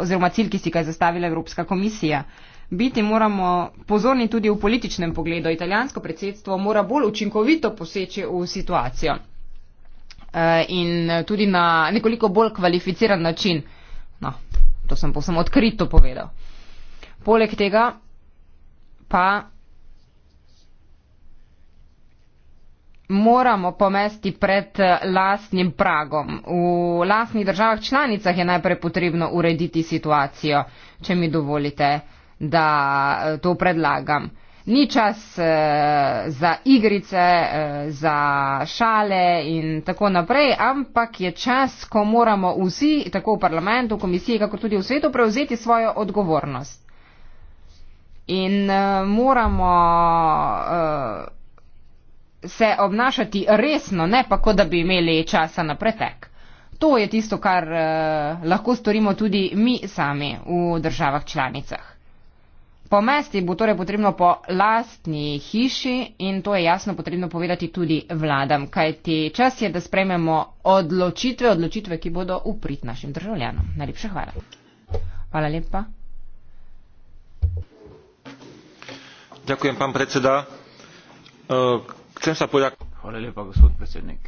oziroma cilj, ki si ga je zastavila Evropska komisija biti moramo pozorni tudi v političnem pogledu. Italijansko predsedstvo mora bolj učinkovito poseči v situacijo eh, in eh, tudi na nekoliko bolj kvalificiran način. No, to sem povsem odkrito povedal. Poleg tega pa moramo pomesti pred eh, lastnim pragom. V lastnih državah članicah je najprej potrebno urediti situacijo, če mi dovolite da eh, to predlagam. Ni čas eh, za igrice, eh, za šale in tako naprej, ampak je čas, ko moramo vsi, tako v parlamentu, v komisiji, kako tudi v svetu, prevzeti svojo odgovornost. In eh, moramo eh, se obnašati resno, ne pa kot da bi imeli časa na pretek. To je tisto, kar eh, lahko storimo tudi mi sami v državah članicah. Pomesti bo torej potrebno po lastni hiši in to je jasno potrebno povedati tudi vladam, kajti čas je, da sprejmemo odločitve, odločitve, ki bodo uprit našim državljanom. Najlepša hvala. Hvala lepa. Ďakujem, pán predseda. Uh, chcem sa poďak... Hvala lepa, gospod predsednik.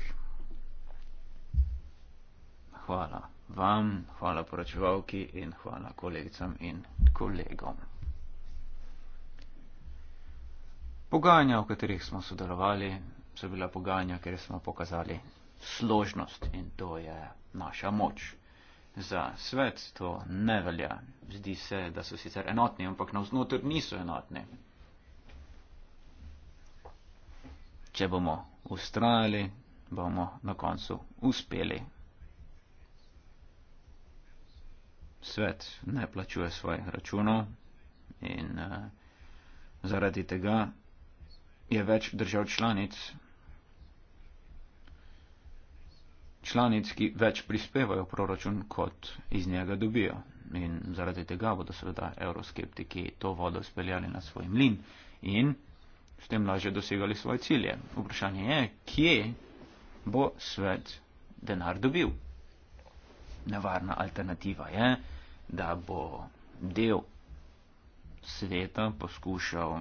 Hvala vám, hvala poračovalki in hvala kolegicam in kolegom. Pogajanja, v katerih smo sodelovali, so bila pogajanja, kjer smo pokazali složnost in to je naša moč. Za svet to ne velja. Zdi se, da so sicer enotni, ampak navznotr niso enotni. Če bomo ustrajali, bomo na koncu uspeli. Svet ne plačuje svojih računov in uh, zaradi tega je več držav članic, članic, ki več prispevajo proračun, kot iz njega dobijo. In zaradi tega bodo seveda euroskeptiki to vodo speljali na svoj mlin in s tem lažje dosegali svoje cilje. Vprašanje je, kje bo svet denar dobil. Nevarna alternativa je, da bo del sveta poskušal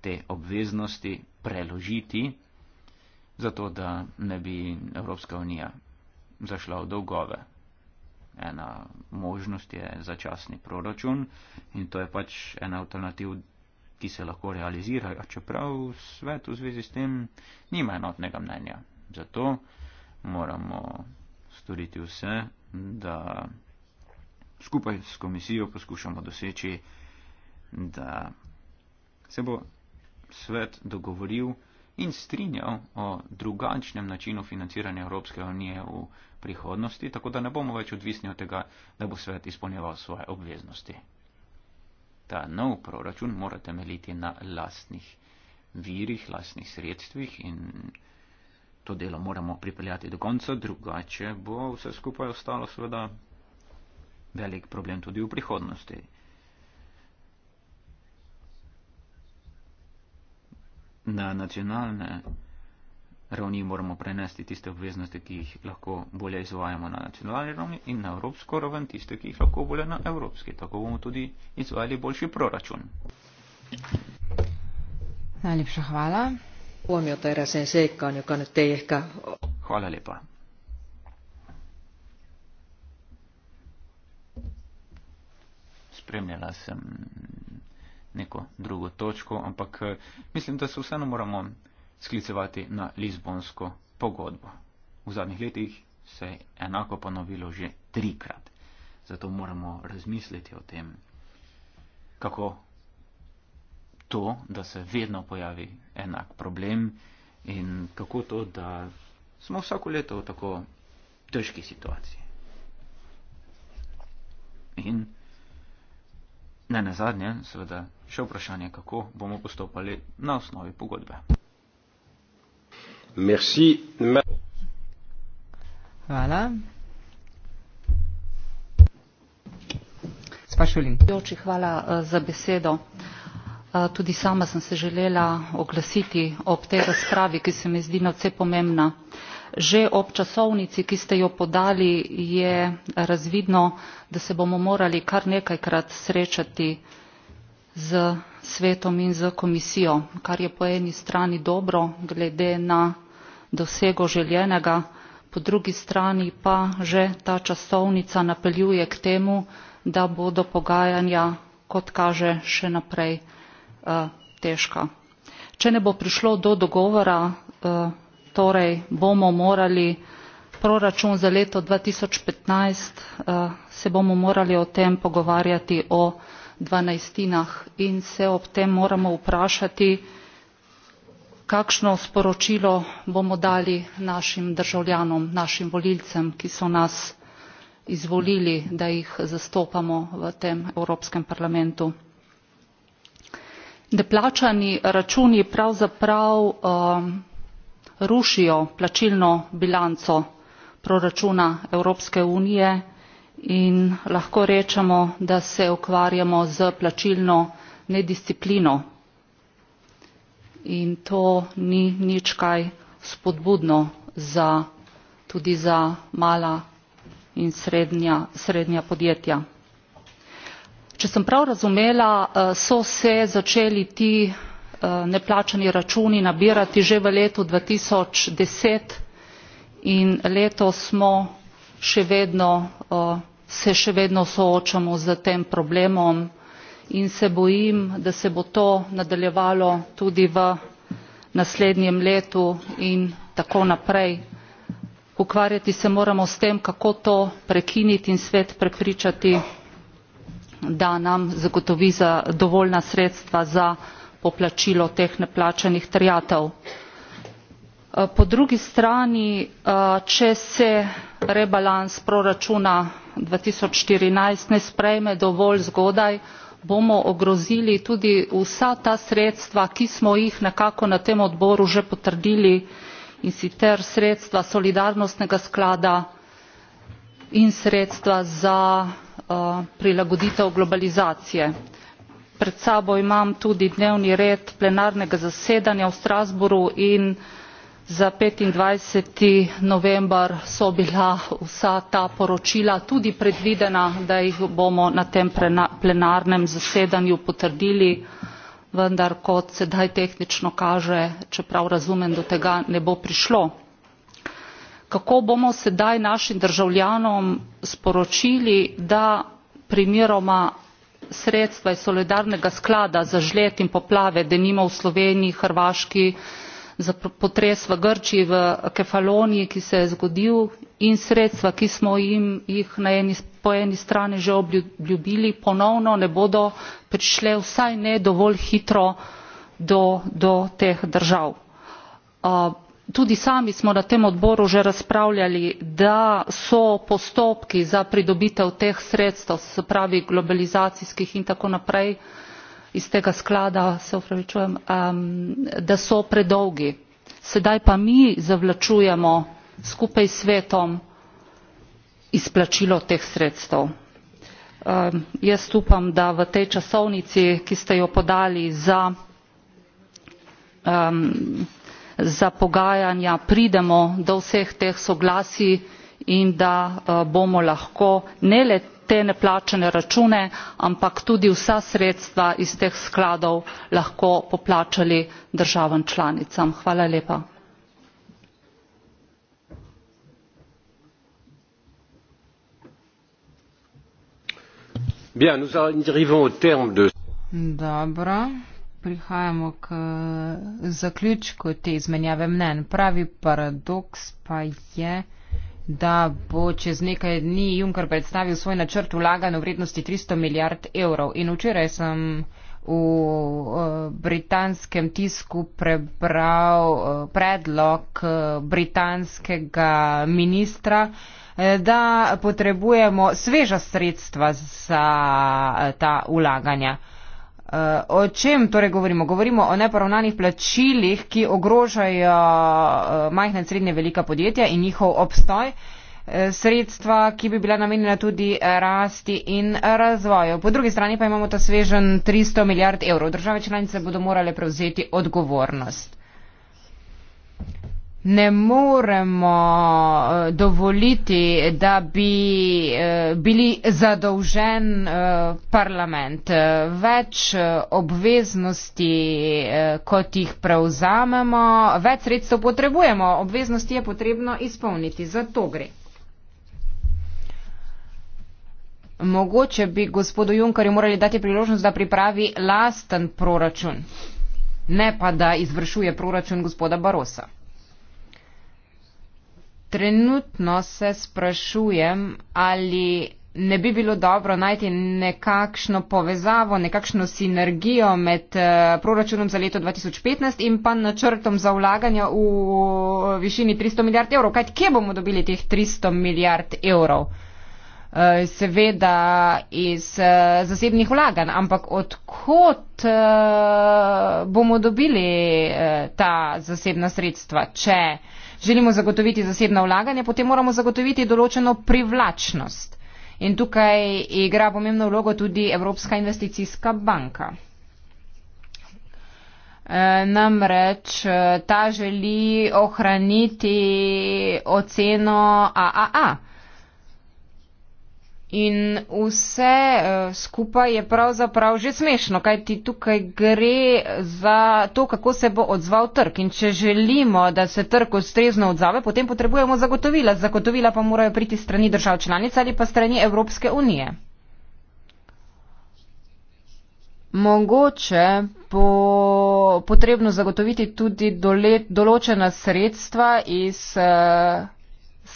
te obveznosti preložiti, zato da ne bi Evropska unija zašla v dolgove. Ena možnost je začasni proračun in to je pač ena alternativ, ki se lahko realizira, čeprav svet v zvezi s tem nima enotnega mnenja. Zato moramo storiti vse, da skupaj s komisijo poskušamo doseči, da se bo svet dogovoril in strinjal o drugačnem načinu financiranja Evropske unije v prihodnosti, tako da ne bomo več odvisni od tega, da bo svet izpolnjeval svoje obveznosti. Ta nov proračun mora temeljiti na lastnih virih, lastnih sredstvih in to delo moramo pripeljati do konca, drugače bo vse skupaj ostalo seveda velik problem tudi v prihodnosti. na nacionalne ravni moramo prenesti tiste obveznosti, ki jih lahko bolje izvajamo na nacionalni ravni in na evropsko raven tiste, ki jih lahko bolje na evropski. Tako bomo tudi izvajali boljši proračun. Najlepša hvala. Hvala lepa. Spremljala sem neko drugo točko, ampak eh, mislim, da se vseeno moramo sklicevati na Lizbonsko pogodbo. V zadnjih letih se je enako ponovilo že trikrat, zato moramo razmisliti o tem, kako to, da se vedno pojavi enak problem in kako to, da smo vsako leto v tako težki situaciji. In Ne na zadnje, seveda, še vprašanje, kako bomo postopali na osnovi pogodbe. Merci. Hvala. Spašulin. Hvala eh, za besedo. Eh, tudi sama sem se želela oglasiti ob tej razpravi, ki se mi zdi na vse pomembna že ob časovnici ki ste jo podali je razvidno da se bomo morali kar nekajkrat srečati s svetom in s komisijo kar je po eni strani dobro glede na dosego željenega po drugi strani pa že ta časovnica napeljuje k temu da bodo pogajanja kot kaže še naprej eh, težka. če ne bo prišlo do dogovora eh, torej bomo morali proračun za leto dva tisoč petnajst eh, se bomo morali o tem pogovarjati o dvanajstinah in se ob tem moramo vprašati kakšno sporočilo bomo dali našim državljanom našim volilcem ki so nas izvolili da jih zastopamo v tem evropskem parlamentu da plačani računi pravzaprav eh, rušijo plačilno bilanco proračuna evropske unije in lahko rečemo da se ukvarjamo s plačilno nedisciplino in to ni nič kaj spodbudno za tudi za mala in srednja, srednja podjetja. Če sem prav razumela, eh, so se začeli ti Eh, neplačani računi nabirati že v letu dva tisoč deset in letos smo še vedno eh, se še vedno soočamo s tem problemom in se bojim da se bo to nadaljevalo tudi v naslednjem letu in tako naprej ukvarjati se moramo s tem kako to prekiniti in svet prepričati da nam zagotovi dovoljna sredstva za poplačilo teh neplačanih terjatev. Eh, po drugi strani, eh, če se rebalans proračuna dva tisoč štirinajst ne sprejme dovolj zgodaj bomo ogrozili tudi vsa ta sredstva ki smo jih nekako na tem odboru že potrdili in sicer sredstva solidarnostnega sklada in sredstva za eh, prilagoditev globalizacije pred sabo imam tudi dnevni red plenarnega zasedanja v strasbourgu in za petindvajset november so bila vsa ta poročila tudi predvidena da jih bomo na tem plenarnem zasedanju potrdili vendar kot sedaj tehnično kaže čeprav razumem do tega ne bo prišlo kako bomo sedaj našim državljanom sporočili da primeroma sredstva iz solidarnega sklada za žled in poplave denimo v sloveniji hrvaški za potres v grčiji v kefaloniji ki se je zgodil in sredstva ki smo jim jih na eni po eni strani že obljubili ponovno ne bodo prišle vsaj ne dovolj hitro do do teh držav tudi sami smo na tem odboru že razpravljali da so postopki za pridobitev teh sredstev se pravi globalizacijskih in tako naprej iz tega sklada se opravičujem da so predolgi sedaj pa mi zavlačujemo skupaj s svetom izplačilo teh sredstev. jaz upam da v tej časovnici ki ste jo podali za za pogajanja pridemo do vseh teh soglasij in da eh, bomo lahko ne le te neplačane račune ampak tudi vsa sredstva iz teh skladov lahko poplačali državam članicam prihajamo k zaključku te izmenjave mnen. Pravi paradoks pa je, da bo čez nekaj dni Juncker predstavil svoj načrt vlaganj v vrednosti 300 milijard evrov. In včeraj sem v eh, britanskem tisku prebral eh, predlog eh, britanskega ministra, da potrebujemo sveža sredstva za ta vlaganja. Uh, o čem torej govorimo? Govorimo o neporavnanih plačilih, ki ogrožajo uh, eh, majhne in srednje velika podjetja in njihov obstoj, uh, sredstva, ki bi bila namenjena tudi rasti in razvoju. Po drugi strani pa imamo ta svežen 300 milijard evrov. Države članice bodo morale prevzeti odgovornost ne moremo eh, dovoliti, da bi eh, bili zadolžen eh, parlament. Več obveznosti, kot jih prevzamemo, več sredstev potrebujemo. Obveznosti je potrebno izpolniti. Za to gre. Mogoče bi gospodu Junkarju morali dati priložnost, da pripravi lasten proračun, ne pa da izvršuje proračun gospoda Barosa. Trenutno se sprašujem, ali ne bi bilo dobro najti nekakšno povezavo, nekakšno sinergijo med eh, proračunom za leto 2015 in pa načrtom za vlaganja v višini 300 milijard evrov. Kaj, kje bomo dobili teh 300 milijard evrov? Eh, seveda iz eh, zasebnih vlaganj, ampak odkot bomo dobili ta zasebna sredstva, če želimo zagotoviti zasebna vlaganja, potem moramo zagotoviti določeno privlačnost. In tukaj igra pomembno vlogo tudi Evropska investicijska banka. E, namreč e, ta želi ohraniti oceno AAA. In vse uh, skupaj je pravzaprav že smešno, kaj ti tukaj gre za to, kako se bo odzval trg. In če želimo, da se trg ustrezno odzave, potem potrebujemo zagotovila. Zagotovila pa morajo priti strani držav članic ali pa strani Evropske unije. Mogoče bo potrebno zagotoviti tudi dole, določena sredstva iz. Uh,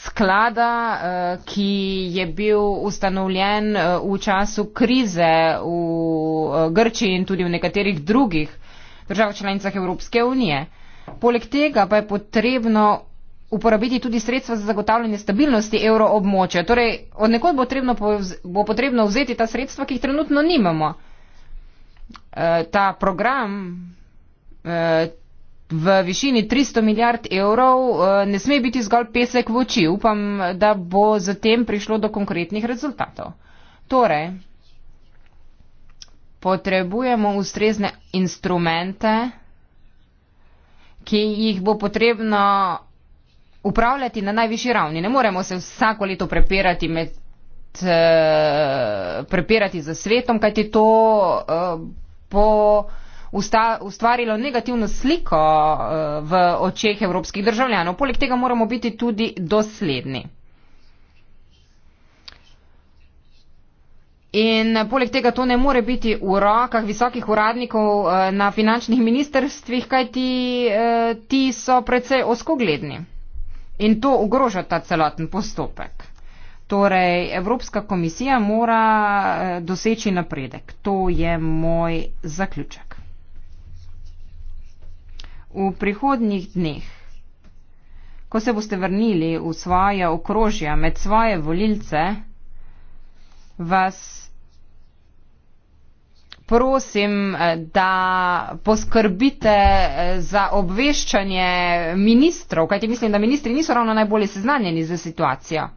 sklada, eh, ki je bil ustanovljen eh, v času krize v eh, Grčiji in tudi v nekaterih drugih državah članicah Evropske unije. Poleg tega pa je potrebno uporabiti tudi sredstva za zagotavljanje stabilnosti evroobmočja. Torej, od nekod bo, bo potrebno vzeti ta sredstva, ki jih trenutno nimamo. E, ta program. E, v višini 300 milijard evrov eh, ne sme biti zgolj pesek v oči. Upam, da bo zatem prišlo do konkretnih rezultatov. Torej, potrebujemo ustrezne instrumente, ki jih bo potrebno upravljati na najvišji ravni. Ne moremo se vsako leto prepirati med eh, prepirati za svetom, kajti to uh, eh, po usta, ustvarilo negativno sliko eh, v očeh evropskih državljanov. Poleg tega moramo biti tudi dosledni. In eh, poleg tega to ne more biti v rokah visokih uradnikov eh, na finančnih ministerstvih, kajti ti so precej oskogledni. In to ogroža ta celoten postopek. Torej, Evropska komisija mora doseči napredek. To je moj zaključek v prihodnjih dneh. Ko se boste vrnili v svoje okrožje med svoje volilce, vas prosim, eh, da poskrbite eh, za obveščanje ministrov, kajti mislim, da ministri niso ravno najbolje seznanjeni z situacijo.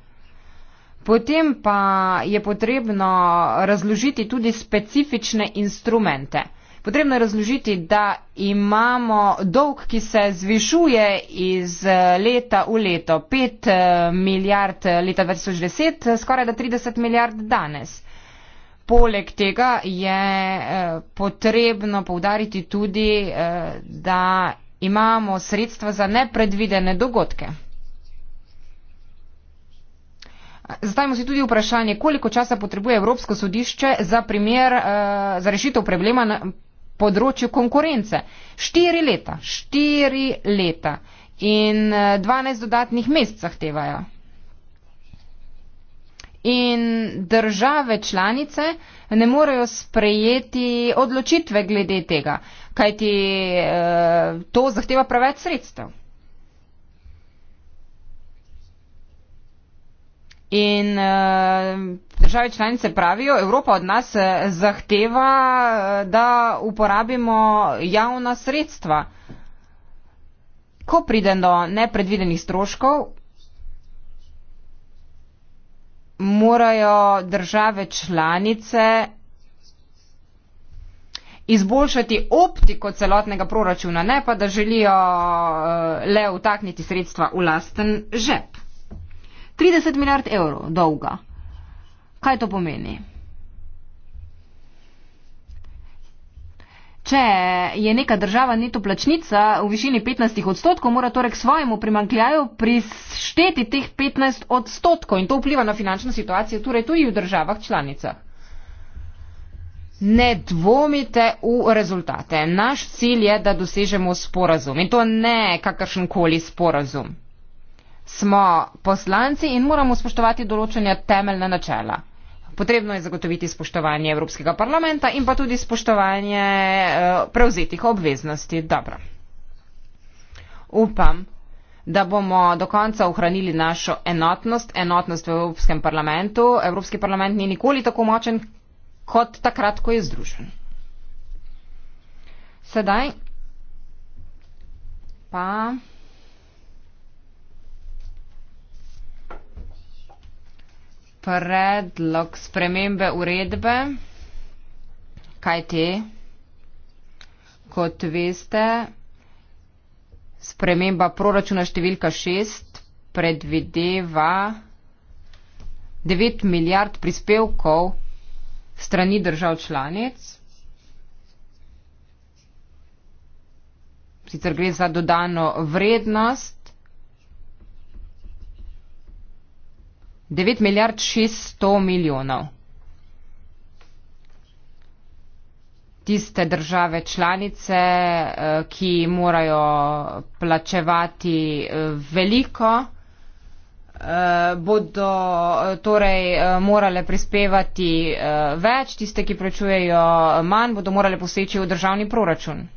Potem pa je potrebno razložiti tudi specifične instrumente. Potrebno je razložiti, da imamo dolg, ki se zvišuje iz eh, leta v leto. 5 eh, milijard eh, leta 2010, skoraj da 30 milijard danes. Poleg tega je potrebno povdariti tudi, da imamo sredstva za nepredvidene dogodke. Zastavimo si tudi vprašanje, koliko časa potrebuje Evropsko sodišče za, primer, za rešitev problema, področju konkurence. Štiri leta, štiri leta in 12 eh, dodatnih mest zahtevajo. In države članice ne morejo sprejeti odločitve glede tega, kajti eh, to zahteva preveč sredstev. In uh, države članice pravijo, Evropa od nas eh, zahteva, eh, da uporabimo javna sredstva. Ko pride do nepredvidenih stroškov, morajo države članice izboljšati optiko celotnega proračuna, ne pa da želijo uh, le utakniti sredstva v lasten žep. 30 milijard evrov dolga. Kaj to pomeni? Če je neka država neto plačnica v višini 15 odstotkov, mora torej k svojemu primankljaju prišteti teh 15 odstotkov in to vpliva na finančno situacijo torej tudi v državah članicah. Ne dvomite v rezultate. Naš cilj je, da dosežemo sporazum in to ne kakršenkoli sporazum smo poslanci in moramo spoštovati določene temeljne načela. Potrebno je zagotoviti spoštovanje Evropskega parlamenta in pa tudi spoštovanje eh, prevzetih obveznosti. Dobro. Upam, da bomo do konca ohranili našo enotnost, enotnost v Evropskem parlamentu. Evropski parlament ni nikoli tako močen kot takrat, ko je združen. Sedaj pa. predlog spremembe uredbe, kaj te, kot veste, sprememba proračuna številka 6 predvideva 9 milijard prispevkov strani držav članic. Sicer gre za dodano vrednost, 9 milijard 600 milijonov. Tiste države članice, eh, ki morajo plačevati eh, veliko, eh, bodo torej morale prispevati več, tiste, ki plačujejo manj, bodo morale poseči v državni proračun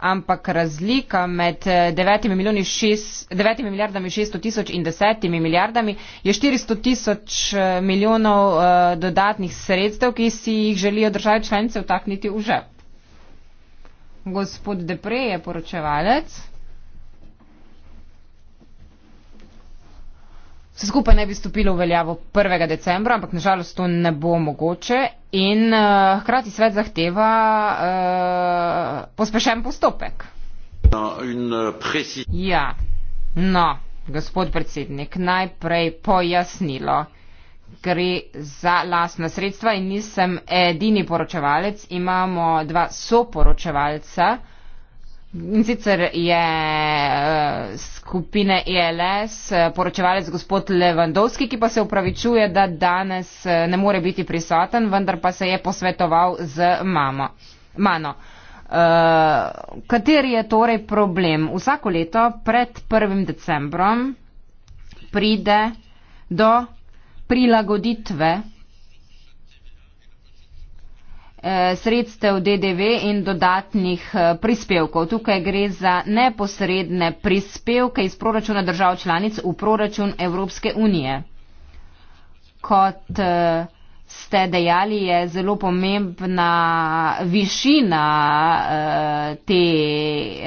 ampak razlika med 9 eh, milijardami 600, 9 milijardami 600 tisoč in 10 milijardami je 400 tisoč eh, milijonov eh, dodatnih sredstev, ki si jih želijo države članice vtakniti v žep. Gospod Depre je poročevalec. Vse skupaj naj bi stopilo v veljavo 1. decembra, ampak nažalost to ne bo mogoče. In uh, hkrati svet zahteva uh, pospešen postopek. No, in, uh, ja, no, gospod predsednik, najprej pojasnilo. Gre za lasna sredstva in nisem edini poročevalec. Imamo dva soporočevalca. In sicer je uh, skupine ILS e eh, poročevalec gospod Levandovski, ki pa se upravičuje, da danes eh, ne more biti prisoten, vendar pa se je posvetoval z mamo. Mano. Uh, kateri je torej problem? Vsako leto pred 1. decembrom pride do prilagoditve Eh, sredstev DDV in dodatnih eh, prispevkov. Tukaj gre za neposredne prispevke iz proračuna držav članic v proračun Evropske unije. Kot eh, ste dejali, je zelo pomembna višina teh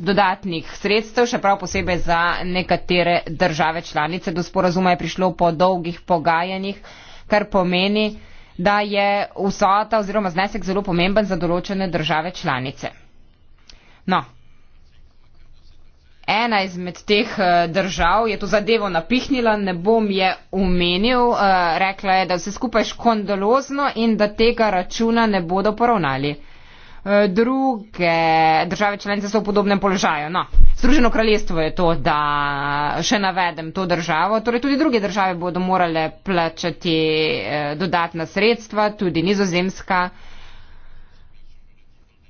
dodatnih sredstev, še prav posebej za nekatere države članice. Do sporazuma je prišlo po dolgih pogajanjih, kar pomeni, da je vsota oziroma znesek zelo pomemben za določene države članice. No, ena izmed teh eh, držav je to zadevo napihnila, ne bom je umenil, eh, rekla je, da vse skupaj škondolozno in da tega računa ne bodo poravnali. Eh, druge države članice so v podobnem položaju. No, Združeno kraljestvo je to, da še navedem to državo. Torej, tudi druge države bodo morale plačati eh, dodatna sredstva, tudi nizozemska.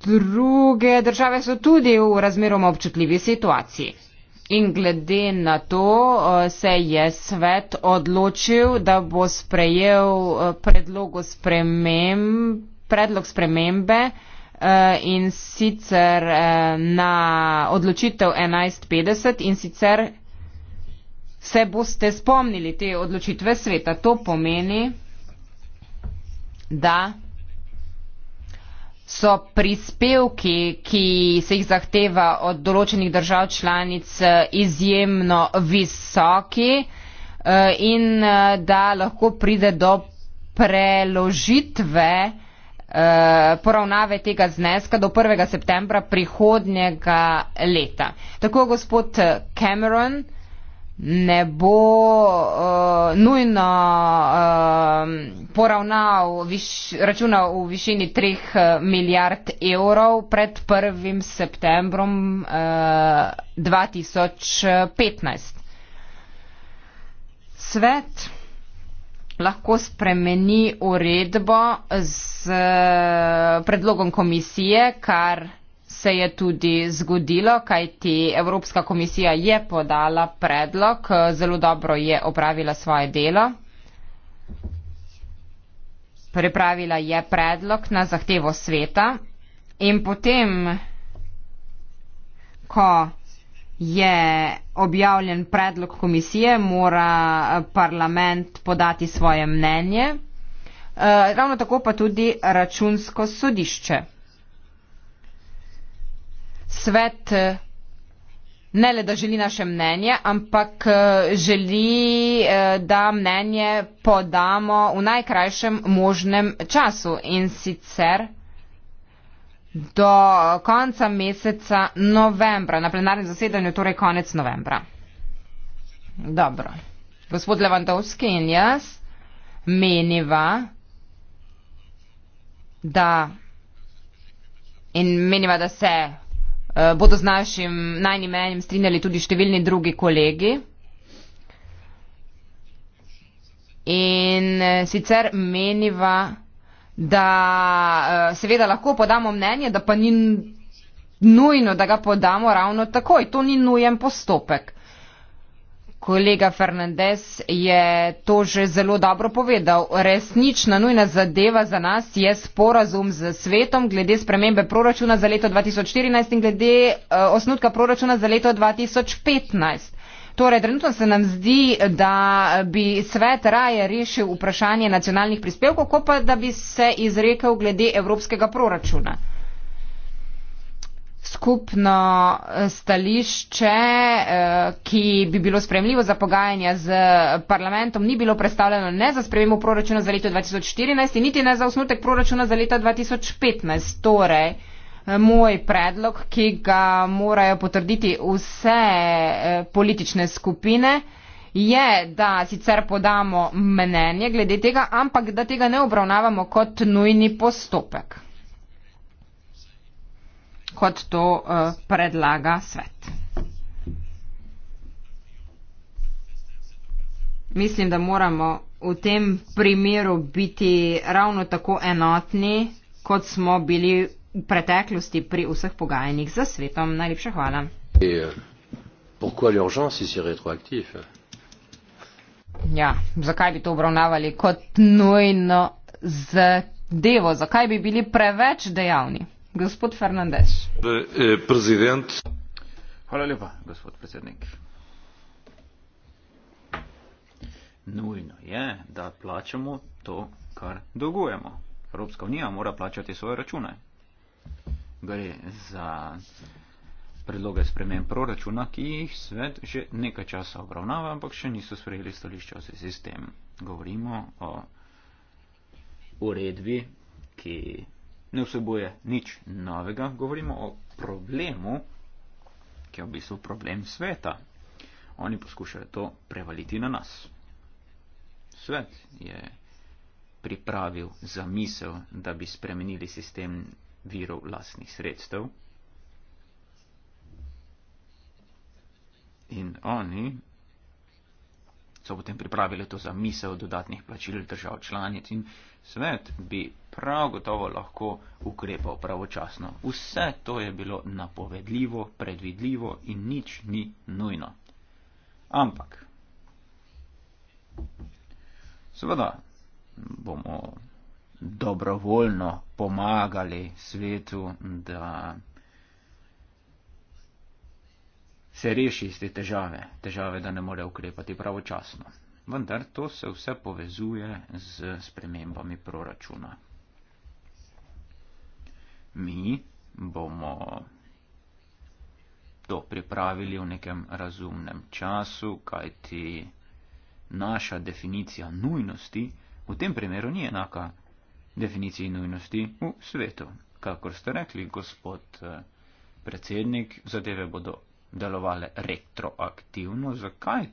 Druge države so tudi v razmeroma občutljivi situaciji. In glede na to eh, se je svet odločil, da bo sprejel predlog spremembe, predlog spremembe Eh, in sicer eh, na odločitev 11.50 in sicer se boste spomnili te odločitve sveta. To pomeni, da so prispevki, ki se jih zahteva od določenih držav članic, eh, izjemno visoki in da lahko pride do preložitve Eh, poravnave tega zneska do 1. septembra prihodnjega leta. Tako gospod Cameron ne bo uh, nujno uh, poravnal viš, računa v višini 3 milijard evrov pred 1. septembrom uh, 2015. Svet lahko spremeni uredbo z eh, predlogom komisije, kar se je tudi zgodilo, kajti Evropska komisija je podala predlog, eh, zelo dobro je opravila svoje delo. Pripravila je predlog na zahtevo sveta in potem, ko je objavljen predlog komisije, mora eh, parlament podati svoje mnenje, eh, ravno tako pa tudi računsko sodišče. Svet eh, ne le, da želi naše mnenje, ampak želi, da mnenje podamo v najkrajšem možnem času in sicer do konca meseca novembra, na plenarnem zasedanju, torej konec novembra. Dobro. Gospod Levandovski in jaz meniva, da, in meniva, da se uh, bodo z našim najnimenjem strinjali tudi številni drugi kolegi. In uh, sicer meniva, da eh, seveda lahko podamo mnenje, da pa ni nujno, da ga podamo ravno takoj. To ni nujen postopek. Kolega Fernandez je to že zelo dobro povedal. Resnična nujna zadeva za nas je sporazum z svetom glede spremembe proračuna za leto 2014 in glede eh, osnutka proračuna za leto 2015. Torej, trenutno se nam zdi, da bi svet raje rešil vprašanje nacionalnih prispevkov, kot pa da bi se izrekel glede evropskega proračuna. Skupno stališče, eh, ki bi bilo spremljivo za pogajanja z parlamentom, ni bilo predstavljeno ne za spremembo proračuna za leto 2014, niti ne za osnutek proračuna za leto 2015. Torej, moj predlog, ki ga morajo potrditi vse eh, politične skupine, je, da sicer podamo mnenje glede tega, ampak da tega ne obravnavamo kot nujni postopek, kot to eh, predlaga svet. Mislim, da moramo v tem primeru biti ravno tako enotni, kot smo bili preteklosti pri vseh pogajanjih za svetom. Najlepša hvala. Euh, ja, zakaj bi to obravnavali kot nujno zadevo? Zakaj bi bili preveč dejavni? Gospod Fernandez. Eh, prezident. Hvala lepa, gospod predsednik. Nujno je, da plačamo to, kar dolgujemo. Evropska unija mora plačati svoje račune gre za predloge spremen proračuna, ki jih svet že nekaj časa obravnava, ampak še niso sprejeli stališča v zvezi s tem. Govorimo o uredbi, ki ne vsebuje nič novega, govorimo o problemu, ki je v bistvu problem sveta. Oni poskušajo to prevaliti na nas. Svet je pripravil zamisel, da bi spremenili sistem virov lastnih sredstev. In oni so potem pripravili to za misel dodatnih plačil držav članic in svet bi prav gotovo lahko ukrepal pravočasno. Vse to je bilo napovedljivo, predvidljivo in nič ni nujno. Ampak, seveda, bomo dobrovoljno pomagali svetu, da se reši iz te težave, težave, da ne more ukrepati pravočasno. Vendar to se vse povezuje z spremembami proračuna. Mi bomo to pripravili v nekem razumnem času, kajti naša definicija nujnosti v tem primeru ni enaka definiciji nujnosti v svetu. Kakor ste rekli, gospod eh, predsednik, zadeve bodo delovale retroaktivno. Zakaj?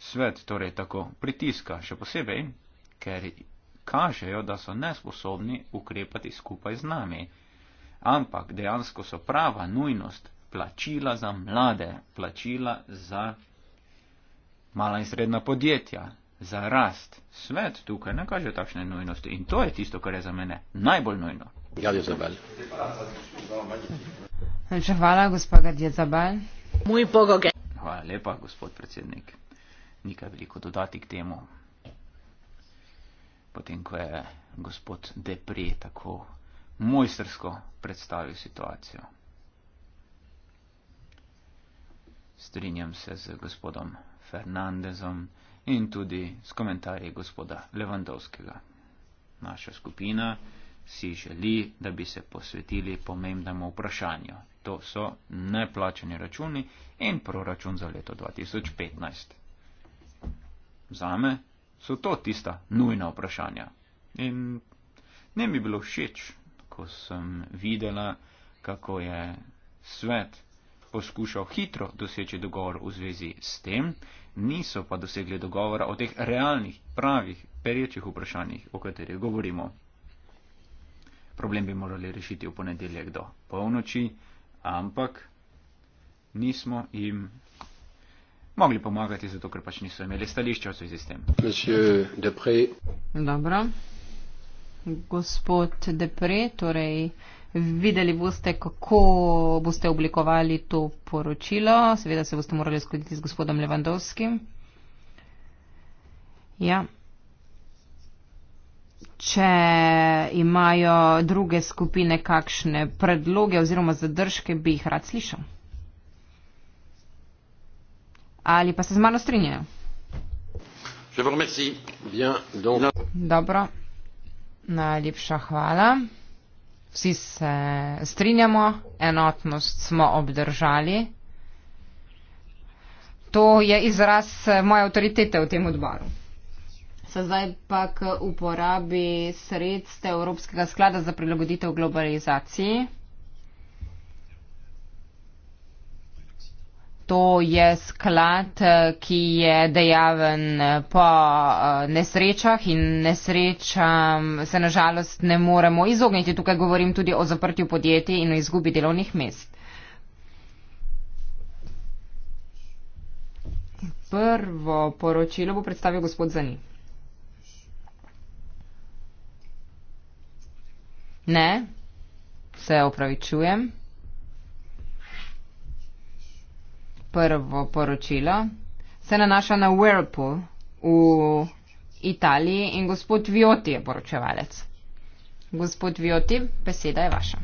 Svet torej tako pritiska, še posebej, ker kažejo, da so nesposobni ukrepati skupaj z nami. Ampak dejansko so prava nujnost plačila za mlade, plačila za mala in srednja podjetja, za rast. Svet tukaj ne kaže takšne nujnosti in to je tisto, kar je za mene najbolj nujno. Ja, hvala, gospod Jezabal. Moj bogog. Hvala lepa, gospod predsednik. Nikaj veliko dodati k temu. Potem, ko je gospod Depri tako mojstrsko predstavil situacijo. Strinjam se z gospodom Fernandezom in tudi s komentarji gospoda Levandovskega. Naša skupina si želi, da bi se posvetili pomembnemu vprašanju. To so neplačeni računi in proračun za leto 2015. Za me so to tista nujna vprašanja. In ne mi bilo všeč, ko sem videla, kako je svet poskušal hitro doseči dogovor v zvezi s tem, niso pa dosegli dogovora o teh realnih, pravih, perečih vprašanjih, o katerih govorimo. Problem bi morali rešiti v ponedeljek do polnoči, ampak nismo jim mogli pomagati, zato ker pač niso imeli stališča v zvezi s tem. Dobro. Gospod Depre, torej. Videli boste, kako boste oblikovali to poročilo. Seveda se boste morali skoditi z gospodom Levandovskim. Ja. Če imajo druge skupine kakšne predloge oziroma zadržke, bi jih rad slišal. Ali pa se z mano strinjajo? Dobro. Najlepša hvala vsi se strinjamo, enotnost smo obdržali. To je izraz eh, moje avtoritete v tem odboru. Se zdaj pa k uporabi sredstev Evropskega sklada za prilagoditev globalizaciji. to je sklad, eh, ki je dejaven eh, po eh, nesrečah in nesrečam se nažalost ne moremo izogniti. Tukaj govorim tudi o zaprtju podjetij in o izgubi delovnih mest. Prvo poročilo bo predstavil gospod Zani. Ne, se opravičujem. prvo poročilo. Se nanaša na Whirlpool v Italiji in gospod Vioti je poročevalec. Gospod Vioti, beseda je vaša.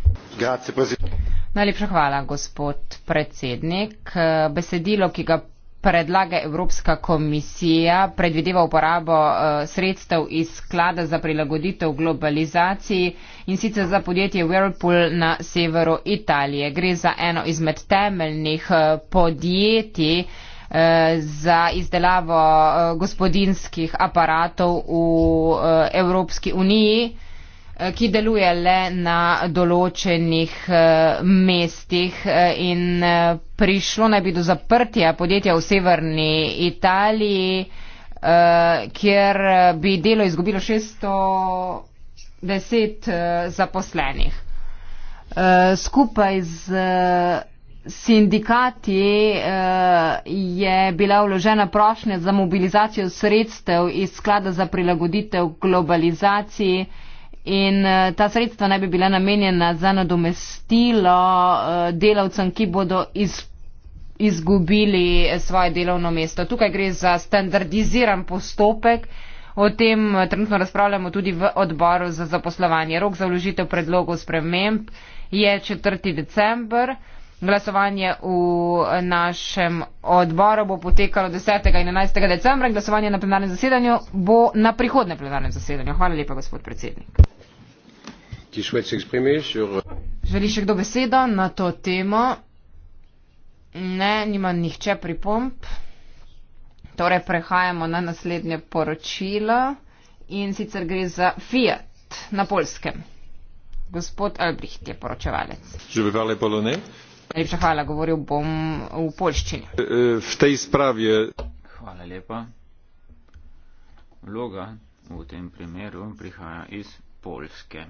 Najlepša hvala, gospod predsednik. Besedilo, ki ga predlaga Evropska komisija, predvideva uporabo eh, sredstev iz sklada za prilagoditev globalizaciji in sicer za podjetje Whirlpool na severu Italije. Gre za eno izmed temeljnih eh, podjetij eh, za izdelavo gospodinskih aparatov v Evropski uniji. Eh, ki deluje le na določenih eh, mestih eh, in prišlo naj bi do zaprtja podjetja v severni Italiji, kjer bi delo izgubilo 610 zaposlenih. Skupaj z sindikati je bila vložena prošnja za mobilizacijo sredstev iz sklada za prilagoditev globalizaciji, In eh, ta sredstva naj bi bila namenjena za nadomestilo eh, delavcem, ki bodo iz, izgubili eh, svoje delovno mesto. Tukaj gre za standardiziran postopek. O tem trenutno razpravljamo tudi v odboru za zaposlovanje. Rok za vložitev predlogov sprememb je 4. december. Glasovanje v našem odboru bo potekalo 10. in 11. decembra. Glasovanje na plenarnem zasedanju bo na prihodne plenarnem zasedanju. Hvala lepa, gospod predsednik. Sur... Želi še kdo besedo na to temo? Ne, nima nihče pripomp. Torej, prehajamo na naslednje poročilo in sicer gre za Fiat na polskem. Gospod Albricht je poročevalec. Živi, hvala lepa, Lone. Najlepša hvala, govoril bom v polščini. V tej spravi. Hvala lepa. Vloga v tem primeru prihaja iz Polske.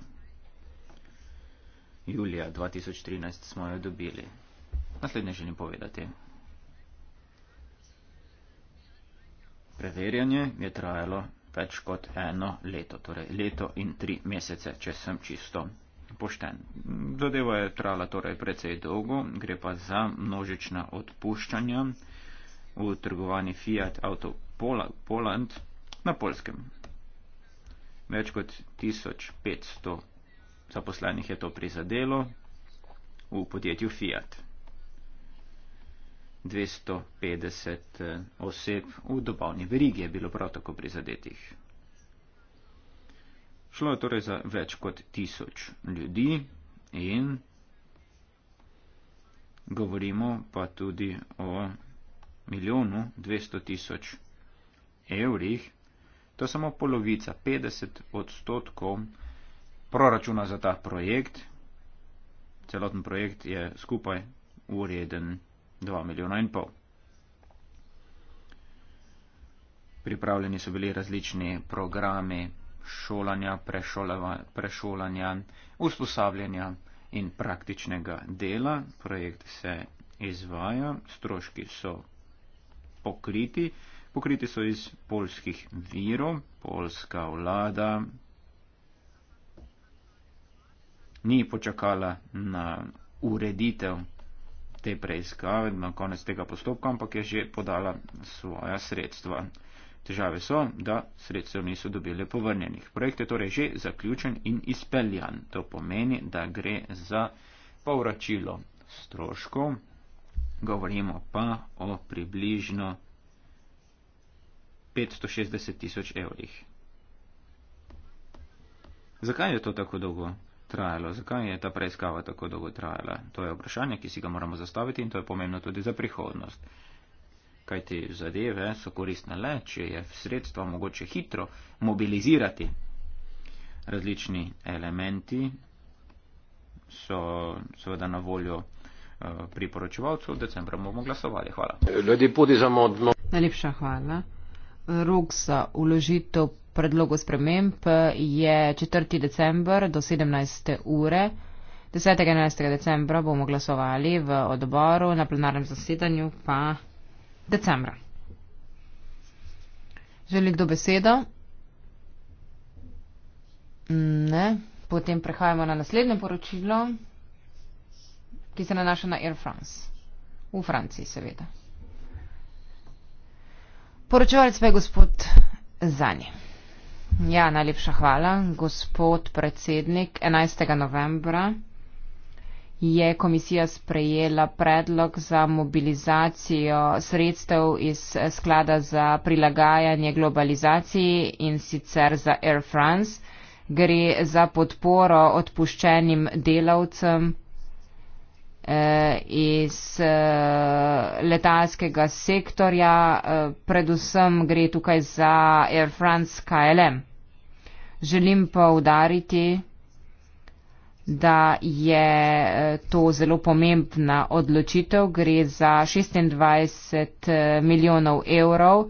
Julija 2013 smo jo dobili. Naslednje želim povedati. Preverjanje je trajalo več kot eno leto, torej leto in tri mesece, če sem čisto pošten. Zadeva je trajala torej precej dolgo, gre pa za množična odpuščanja v trgovanju Fiat Auto Poland na polskem. Več kot 1500 zaposlenih je to prizadelo v podjetju Fiat. 250 eh, oseb v dobavni verigi je bilo prav tako prizadetih. Šlo je torej za več kot tisoč ljudi in govorimo pa tudi o milijonu dvesto tisoč evrih. To je samo polovica, 50 odstotkov proračuna za ta projekt. Celoten projekt je skupaj ureden 2 milijona in pol. Pripravljeni so bili različni programi, šolanja, prešolanja, usposabljanja in praktičnega dela. Projekt se izvaja, stroški so pokriti, pokriti so iz polskih virov, polska vlada ni počakala na ureditev te preiskave, na konec tega postopka, ampak je že podala svoja sredstva. Težave so, da sredstev niso dobili povrnjenih. Projekt je torej že zaključen in izpeljan. To pomeni, da gre za povračilo stroškov, govorimo pa o približno 560 tisoč evrih. Zakaj je to tako dolgo trajalo? Zakaj je ta preiskava tako dolgo trajala? To je vprašanje, ki si ga moramo zastaviti in to je pomembno tudi za prihodnost kaj te zadeve so koristne le, če je sredstva mogoče hitro mobilizirati. Različni elementi so seveda na voljo eh, priporočevalcev, decembra bomo glasovali. Hvala. Najlepša hvala. Rok za uložitev predlogo sprememb je 4. december do 17. ure. 10. in 11. decembra bomo glasovali v odboru, na plenarnem zasedanju pa decembra. Želi kdo besedo? Ne. Potem prehajamo na naslednje poročilo, ki se nanaša na Air France. V Franciji, seveda. Poročevalec pa je gospod Zani. Ja, najlepša hvala, gospod predsednik 11. novembra je komisija sprejela predlog za mobilizacijo sredstev iz eh, sklada za prilagajanje globalizaciji in sicer za Air France. Gre za podporo odpuščenim delavcem eh, iz eh, letalskega sektorja, eh, predvsem gre tukaj za Air France KLM. Želim pa udariti, da je eh, to zelo pomembna odločitev. Gre za 26 eh, milijonov evrov.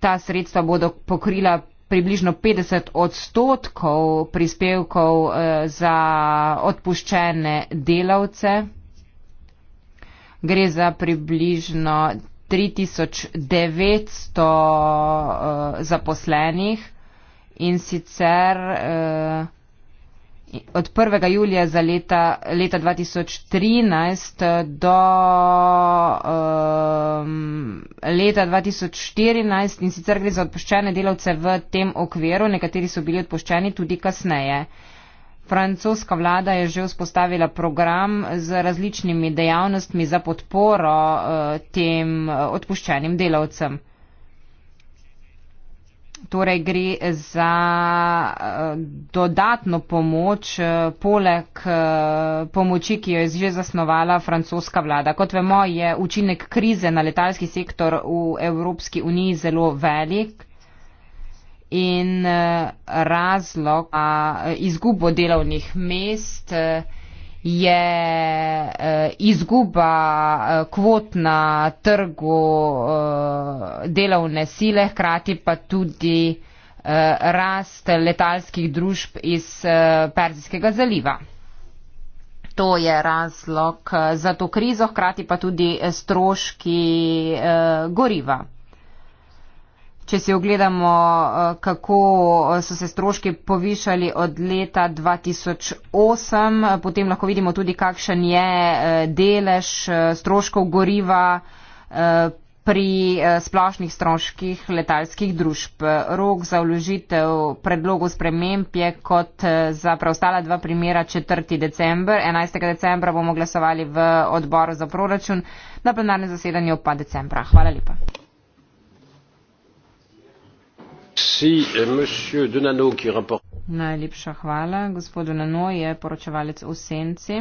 Ta sredstva bodo pokrila približno 50 odstotkov prispevkov eh, za odpuščene delavce. Gre za približno 3900 zaposlenih in sicer eh, od 1. julija za leta, leta 2013 do eh, leta 2014 in sicer gre za odpoščene delavce v tem okviru, nekateri so bili odpoščeni tudi kasneje. Francoska vlada je že vzpostavila program z različnimi dejavnostmi za podporo eh, tem eh, odpuščenim delavcem torej gre za eh, dodatno pomoč eh, poleg eh, pomoči, ki jo je že zasnovala francoska vlada. Kot vemo, je učinek krize na letalski sektor v Evropski uniji zelo velik. In razlog za izgubo delovnih mest je eh, izguba eh, kvot na trgu eh, delovne sile, hkrati pa tudi rast letalskih družb iz Perzijskega zaliva. To je razlog za to krizo, hkrati pa tudi stroški goriva če si ogledamo, eh, kako eh, so se stroški povišali od leta 2008, eh, potem lahko vidimo tudi, kakšen je delež stroškov goriva pri splošnih stroških letalskih družb. Rok za vložitev predlogov sprememb je kot za preostala dva primera 4. december. 11. decembra bomo glasovali v odboru za proračun, na plenarnem zasedanju pa decembra. Hvala lepa. Si, Denano, ki je rapor... Najlepša hvala. Gospod Denano je poročevalec v senci.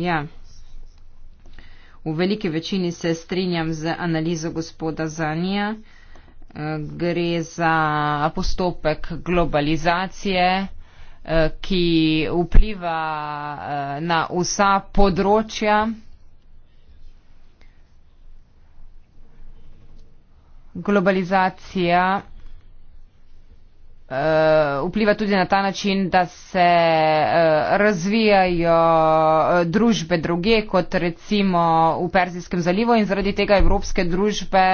Ja. V veliki večini se strinjam z analizo gospoda Zanija. Eh, gre za postopek globalizacije, eh, ki vpliva eh, na vsa področja. globalizacija uh, vpliva tudi na ta način, da se uh, razvijajo uh, družbe druge, kot recimo v Persijskem zalivu in zaradi tega evropske družbe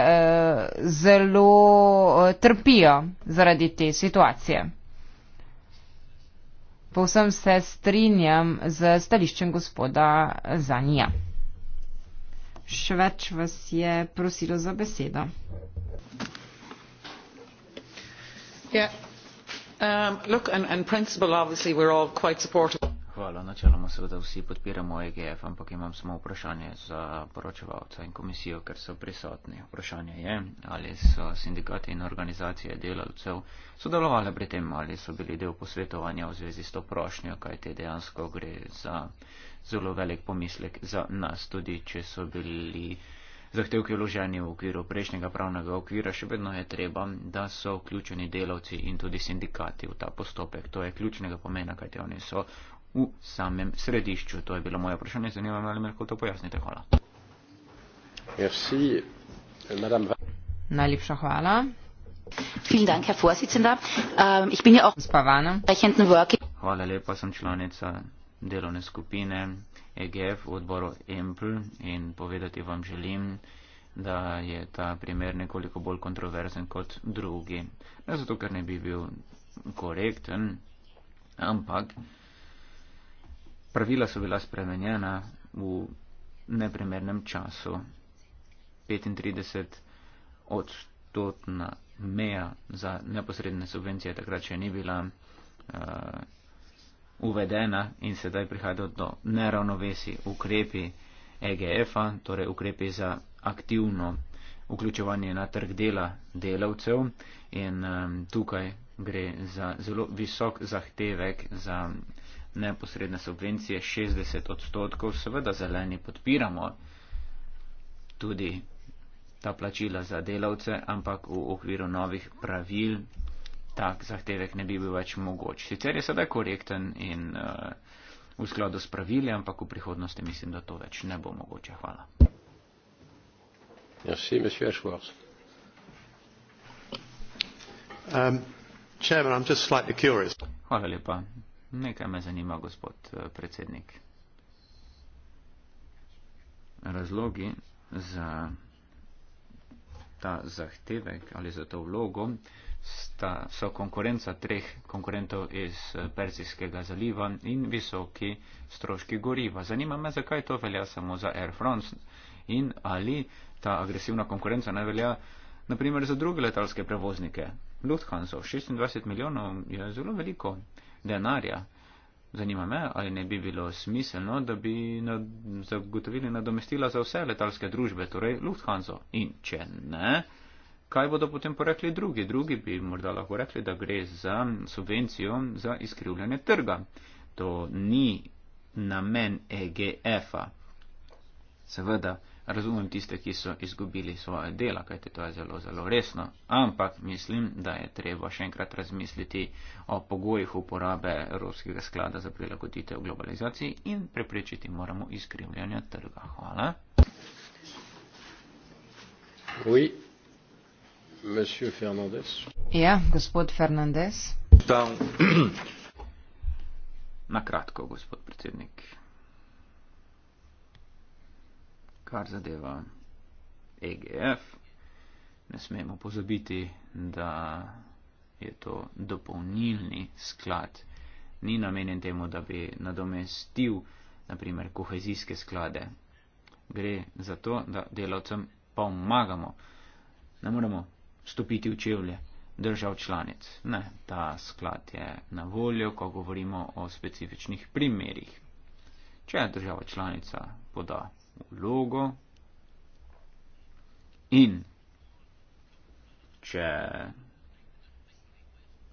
uh, zelo uh, trpijo zaradi te situacije. Povsem se strinjam z stališčem gospoda Zanija še več vas je prosilo za besedo. Yeah. Um, look, and, and principle, obviously, we're all quite supportive. Hvala, načeloma seveda vsi podpiramo EGF, ampak imam samo vprašanje za poročevalca in komisijo, ker so prisotni. Vprašanje je, ali so sindikati in organizacije delavcev sodelovali pri tem, ali so bili del posvetovanja v zvezi s to prošnjo, kaj te dejansko gre za. Uh, zelo velik pomislek za nas, tudi če so bili zahtevki vloženi v okviru prejšnjega pravnega okvira, še vedno je treba, da so vključeni delavci in tudi sindikati v ta postopek. To je ključnega pomena, kajte oni so v samem središču. To je bilo moje vprašanje, zanima me, ali me lahko to pojasnite. Hvala. Merci, madame... Najlepša hvala. Ähm, ja hvala lepa, sem članica delovne skupine EGF v odboru EMPL in povedati vam želim, da je ta primer nekoliko bolj kontroverzen kot drugi. Ne zato, ker ne bi bil korekten, ampak pravila so bila spremenjena v neprimernem času. 35 odstotna meja za neposredne subvencije takrat še ni bila. Uh, uvedena in sedaj prihajajo do neravnovesi ukrepi EGF-a, torej ukrepi za aktivno vključevanje na trg dela delavcev in um, tukaj gre za zelo visok zahtevek za neposredne subvencije 60 odstotkov. Seveda zeleni podpiramo tudi ta plačila za delavce, ampak v okviru novih pravil tak zahtevek ne bi bil več mogoč. Sicer je sedaj korekten in uh, v skladu s pravili, ampak v prihodnosti mislim, da to več ne bo mogoče. Hvala. Merci, monsieur Schwartz. Um, chairman, I'm just slightly curious. Hvala lepa. Nekaj me zanima, gospod eh, predsednik. Razlogi za ta zahtevek ali za to vlogo. Uh, sta, so konkurenca treh konkurentov iz eh, Persijskega zaliva in visoki stroški goriva. Zanima me, zakaj to velja samo za Air France in ali ta agresivna konkurenca ne velja naprimer za druge letalske prevoznike. Lufthansa, 26 milijonov je zelo veliko denarja. Zanima me, ali ne bi bilo smiselno, da bi zagotovili nadomestila za vse letalske družbe, torej Lufthansa. In če ne, kaj bodo potem porekli drugi? Drugi bi morda lahko rekli, da gre za subvencijo za izkrivljanje trga. To ni namen EGF-a. Seveda, razumem tiste, ki so izgubili svoje dela, kajte to je zelo, zelo resno. Ampak mislim, da je treba še enkrat razmisliti o pogojih uporabe Evropskega sklada za prilagoditev globalizaciji in preprečiti moramo izkrivljanje trga. Hvala. Oui. Ja, gospod Fernandez. Na kratko, gospod predsednik. Kar zadeva EGF, ne smemo pozabiti, da je to dopolnilni sklad. Ni namenjen temu, da bi nadomestil, naprimer, kohezijske sklade. Gre za to, da delavcem pomagamo. Ne moremo vstopiti v čevlje držav članic. Ne, ta sklad je na voljo, ko govorimo o specifičnih primerih. Če država članica poda vlogo in če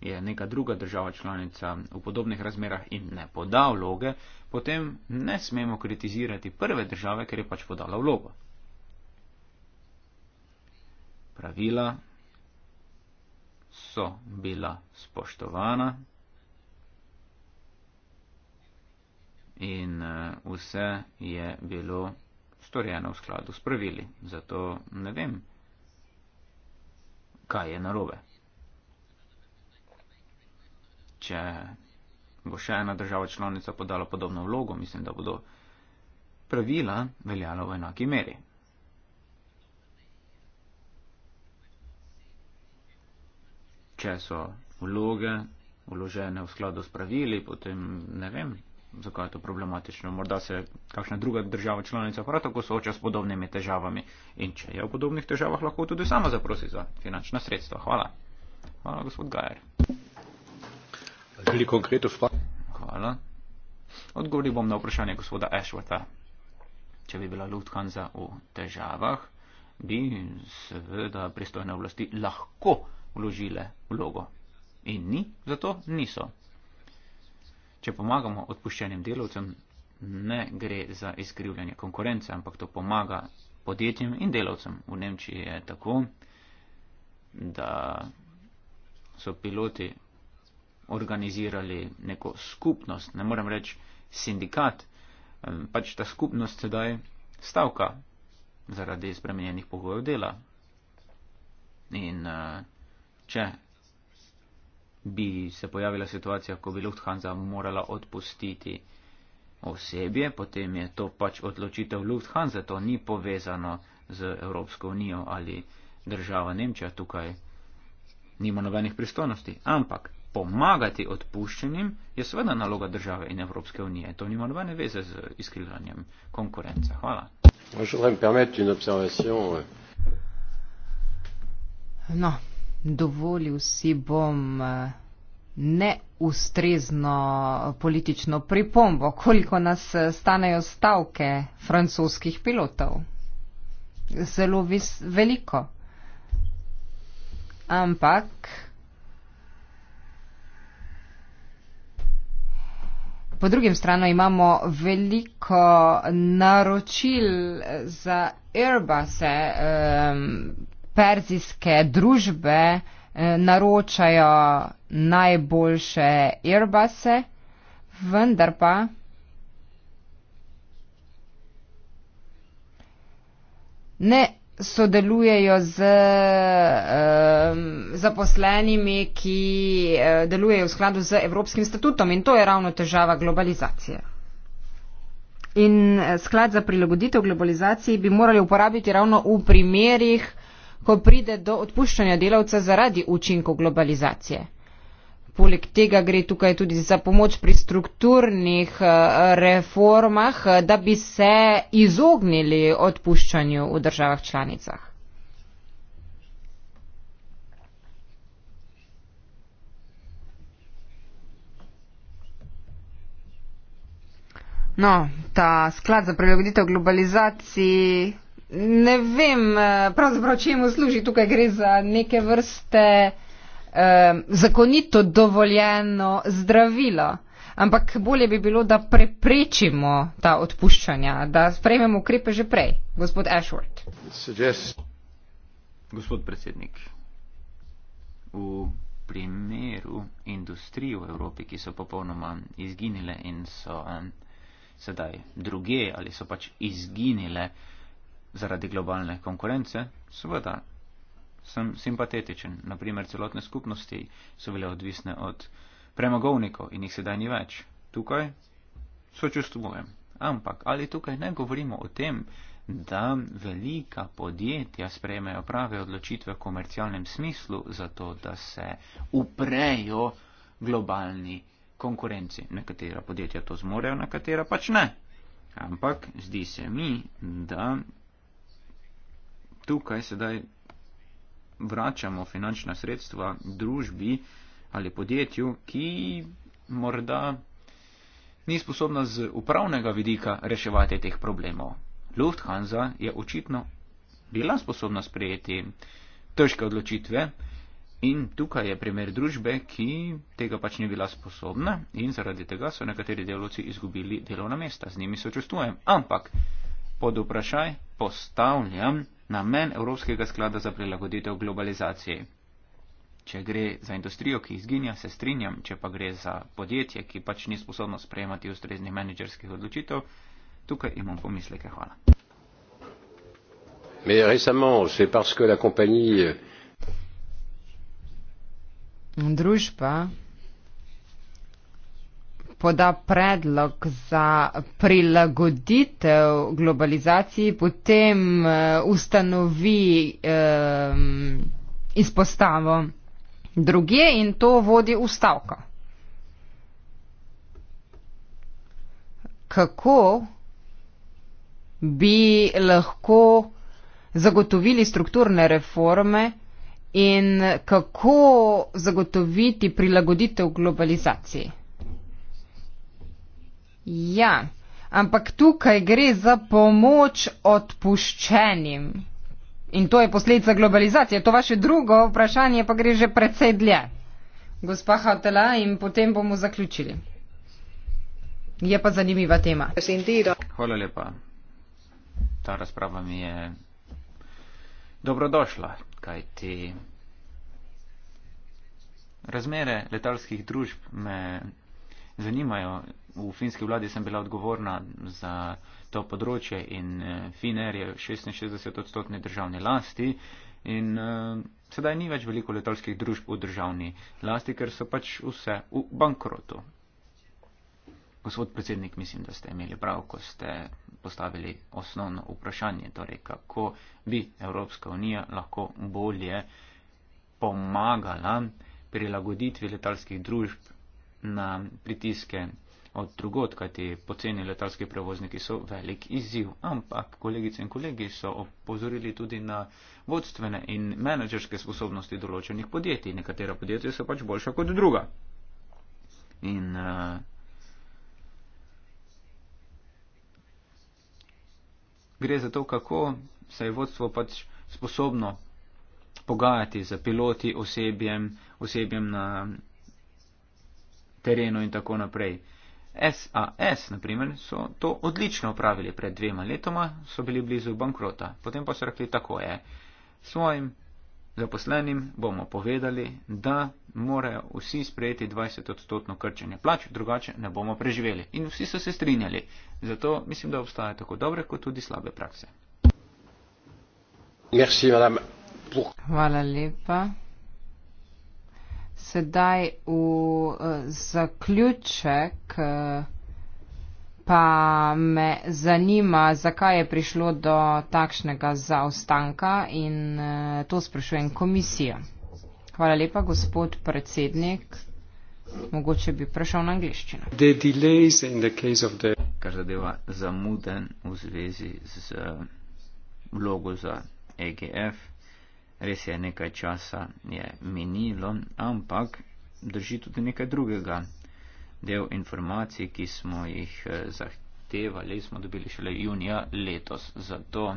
je neka druga država članica v podobnih razmerah in ne poda vloge, potem ne smemo kritizirati prve države, ker je pač podala vlogo. Pravila so bila spoštovana in eh, vse je bilo storjeno v skladu s pravili. Zato ne vem, kaj je narobe. Če bo še ena država članica podala podobno vlogo, mislim, da bodo pravila veljala v enaki meri. če so vloge vložene v skladu s pravili, potem ne vem, zakaj je to problematično. Morda se kakšna druga država članica prav tako sooča s podobnimi težavami in če je v podobnih težavah, lahko tudi sama zaprosi za finančna sredstva. Hvala. Hvala, gospod Gajer. Hvala. Odgovoril bom na vprašanje gospoda Ešvata. Če bi bila Lufthansa v težavah, bi seveda pristojne oblasti lahko vložile vlogo. In ni, zato niso. Če pomagamo odpuščenim delovcem, ne gre za izkrivljanje konkurence, ampak to pomaga podjetjem in delovcem. V Nemčiji je tako, da so piloti organizirali neko skupnost, ne morem reči sindikat, pač ta skupnost sedaj stavka zaradi spremenjenih pogojev dela. In uh, če bi se pojavila situacija, ko bi Lufthansa morala odpustiti osebje, potem je to pač odločitev Lufthansa, to ni povezano z Evropsko unijo ali država Nemčija, tukaj nima nobenih pristojnosti. Ampak pomagati odpuščenim je seveda naloga države in Evropske unije, to nima nobene veze z izkrivljanjem konkurence. Hvala. No dovolil si bom eh, neustrezno politično pripombo, koliko nas eh, stanejo stavke francoskih pilotov. Zelo vis, veliko. Ampak po drugim strani imamo veliko naročil za Airbuse. Um, ehm, perzijske družbe eh, naročajo najboljše Airbuse, vendar pa ne sodelujejo z um, zaposlenimi, ki eh, delujejo v skladu z Evropskim statutom in to je ravno težava globalizacije. In eh, sklad za prilagoditev globalizaciji bi morali uporabiti ravno v primerjih, ko pride do odpuščanja delavca zaradi učinkov globalizacije. Poleg tega gre tukaj tudi za pomoč pri strukturnih eh, reformah, eh, da bi se izognili odpuščanju v državah članicah. No, ta sklad za prilagoditev globalizaciji ne vem eh, pravzaprav, čemu služi. Tukaj gre za neke vrste eh, zakonito dovoljeno zdravilo. Ampak bolje bi bilo, da preprečimo ta odpuščanja, da sprejmemo ukrepe že prej. Gospod Ashworth. Gospod predsednik, v primeru industrij v Evropi, ki so popolnoma izginile in so um, sedaj druge ali so pač izginile, uh, zaradi globalne konkurence, seveda sem simpatičen. Naprimer, celotne skupnosti so bile odvisne od premogovnikov in jih sedaj ni več. Tukaj sočustvujem. Ampak ali tukaj ne govorimo o tem, da velika podjetja sprejmejo prave odločitve v komercialnem smislu, zato da se uprejo globalni konkurenci. Nekatera podjetja to zmorejo, nekatera pač ne. Ampak zdi se mi, da tukaj sedaj vračamo finančna sredstva družbi ali podjetju, ki morda ni sposobna z upravnega vidika reševati teh problemov. Lufthansa je očitno bila sposobna sprejeti težke odločitve in tukaj je primer družbe, ki tega pač ni bila sposobna in zaradi tega so nekateri delovci izgubili delovna mesta. Z njimi sočustvujem. Ampak pod vprašaj postavljam, namen Evropskega sklada za prilagoditev globalizaciji. Če gre za industrijo, ki izginja, se strinjam, če pa gre za podjetje, ki pač ni sposobno sprejemati ustreznih menedžerskih odločitev, tukaj imam pomisleke. Hvala. Euh, Družba poda predlog za prilagoditev globalizaciji, potem eh, ustanovi um, izpostavo druge in to vodi v stavko. Kako bi lahko zagotovili strukturne reforme in kako zagotoviti prilagoditev globalizaciji? Ja, ampak tukaj gre za pomoč odpuščenim. In to je posledica globalizacije. To vaše drugo vprašanje pa gre že precej dlje. Gospa Hotela in potem bomo zaključili. Je pa zanimiva tema. Hvala lepa. Ta razprava mi je dobrodošla, kaj ti razmere letalskih družb me zanimajo v finski vladi sem bila odgovorna za to področje in eh, Finer je 66 odstotni državni lasti in uh, sedaj ni več veliko letalskih družb v državni lasti, ker so pač vse v bankrotu. Gospod predsednik, mislim, da ste imeli prav, ko ste postavili osnovno vprašanje, torej kako bi Evropska unija lahko bolje pomagala prilagoditvi letalskih družb na pritiske od drugot, kajti poceni letalski prevozniki so velik izziv. Ampak kolegice in kolegi so opozorili tudi na vodstvene in menedžerske sposobnosti določenih podjetij. Nekatera podjetja so pač boljša kot druga. In uh, gre za to, kako se je vodstvo pač sposobno pogajati z piloti, osebjem, osebjem na terenu in tako naprej. Uh, SAS, na primer, so to odlično upravili pred dvema letoma, so bili blizu bankrota. Potem pa so rekli tako je. Svojim zaposlenim bomo povedali, da morajo vsi sprejeti 20 odstotno krčenje plač, drugače ne bomo preživeli. In vsi so se strinjali. Zato mislim, da obstajajo tako dobre kot tudi slabe prakse. Merci, madame. Hvala lepa sedaj v eh, zaključek, eh, pa me zanima, zakaj je prišlo do takšnega zaostanka in eh, to sprašujem komisijo. Hvala lepa, gospod predsednik. Mogoče bi prešel na angliščino. The... Kar zadeva zamuden v zvezi z vlogo za EGF res je nekaj časa je minilo, ampak drži tudi nekaj drugega. Del informacij, ki smo jih eh, zahtevali, smo dobili šele junija letos. Zato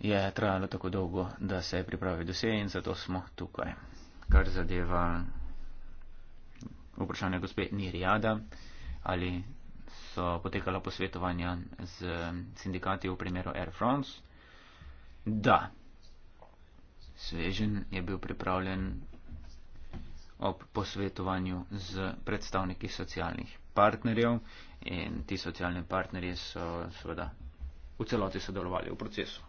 je trajalo tako dolgo, da se je pripravil dosej in zato smo tukaj. Kar zadeva vprašanje gospe Nirjada, ali so potekala posvetovanja z sindikati v primeru Air France. Da, svežen je bil pripravljen ob posvetovanju z predstavniki socialnih partnerjev in ti socialni partnerji so seveda v celoti sodelovali v procesu.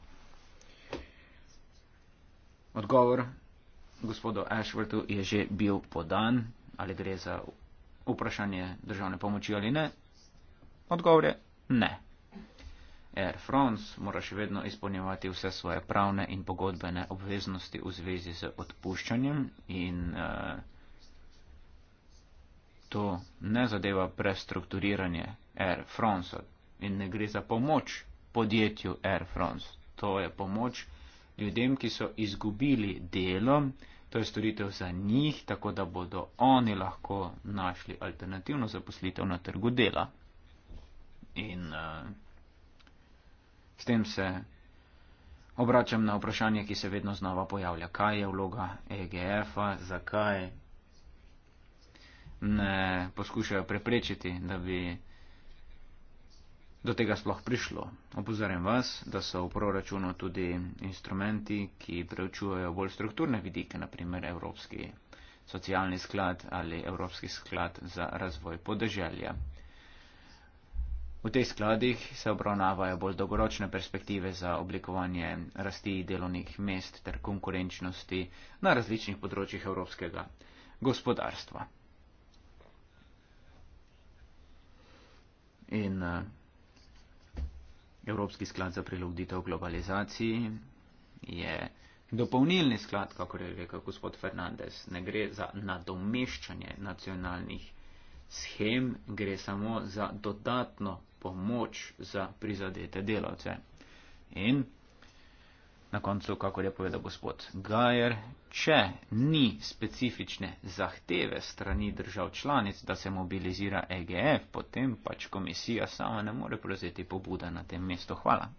Odgovor gospodu Ashwortu je že bil podan, ali gre za vprašanje državne pomoči ali ne. Odgovor je ne. Air France mora še vedno izpolnjevati vse svoje pravne in pogodbene obveznosti v zvezi z odpuščanjem in uh, to ne zadeva prestrukturiranje Air France in ne gre za pomoč podjetju Air France. To je pomoč ljudem, ki so izgubili delo, to je storitev za njih, tako da bodo oni lahko našli alternativno zaposlitev na trgu dela. In, uh, S tem se obračam na vprašanje, ki se vedno znova pojavlja. Kaj je vloga EGF-a, zakaj ne poskušajo preprečiti, da bi do tega sploh prišlo. Opozorim vas, da so v proračunu tudi instrumenti, ki preučujejo bolj strukturne vidike, naprimer Evropski socialni sklad ali Evropski sklad za razvoj podeželja. V teh skladih se obravnavajo bolj dolgoročne perspektive za oblikovanje rasti delovnih mest ter konkurenčnosti na različnih področjih evropskega gospodarstva. In eh, Evropski sklad za prilagoditev globalizaciji je dopolnilni sklad, kako je rekel gospod Fernandez, ne gre za nadomeščanje nacionalnih. Schem gre samo za dodatno pomoč za prizadete delavce. In na koncu, kako je povedal gospod Gajer, če ni specifične zahteve strani držav članic, da se mobilizira EGF, potem pač komisija sama ne more prevzeti pobuda na tem mestu. Hvala.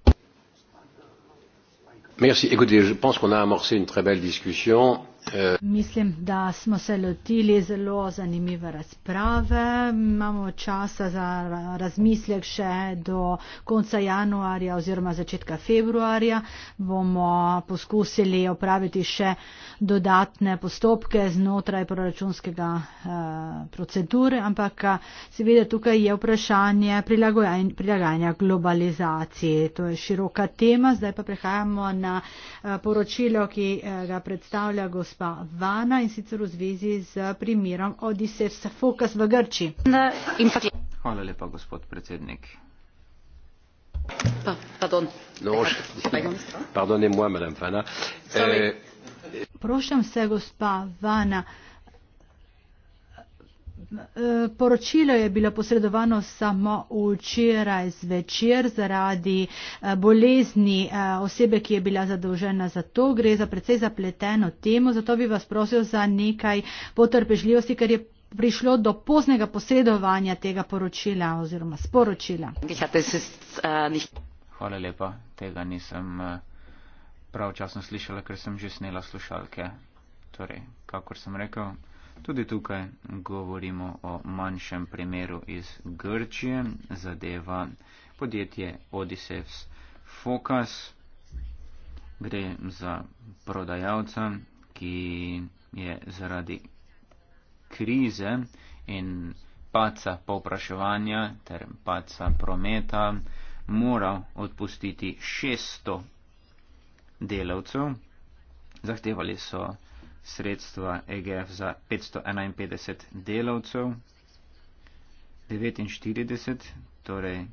Merci. Écoutez, je pense qu'on a amorcé une très belle discussion. Eh. Mislim, da smo se lotili zelo zanimive razprave. Imamo časa za razmislek še do konca januarja oziroma začetka februarja. Bomo poskusili opraviti še dodatne postopke znotraj proračunskega eh, procedure, ampak eh, seveda tukaj je vprašanje prilagajanja globalizaciji. To je široka tema. Zdaj pa prehajamo na poročilo, ki ga predstavlja gospod gospa Vana in sicer v zvezi z primerom Odiseus Fokus v Grčiji. Hvala lepa, gospod predsednik. No, eh, Prošljam se, gospa Vana. Eh, poročilo je bilo posredovano samo včeraj zvečer zaradi eh, bolezni eh, osebe, ki je bila zadolžena za to. Gre za precej zapleteno temo, zato bi vas prosil za nekaj potrpežljivosti, ker je prišlo do poznega posredovanja tega poročila oziroma sporočila. Äh, Hvala lepa, tega nisem äh, pravčasno slišala, ker sem že snela slušalke. Torej, kakor sem rekel, Tudi tukaj govorimo o manjšem primeru iz Grčije, zadeva podjetje Odiseus Focus. Gre za prodajalca, ki je zaradi krize in paca popraševanja ter paca prometa moral odpustiti 600 delavcev. Zahtevali so sredstva EGF za 551 delavcev, 49, torej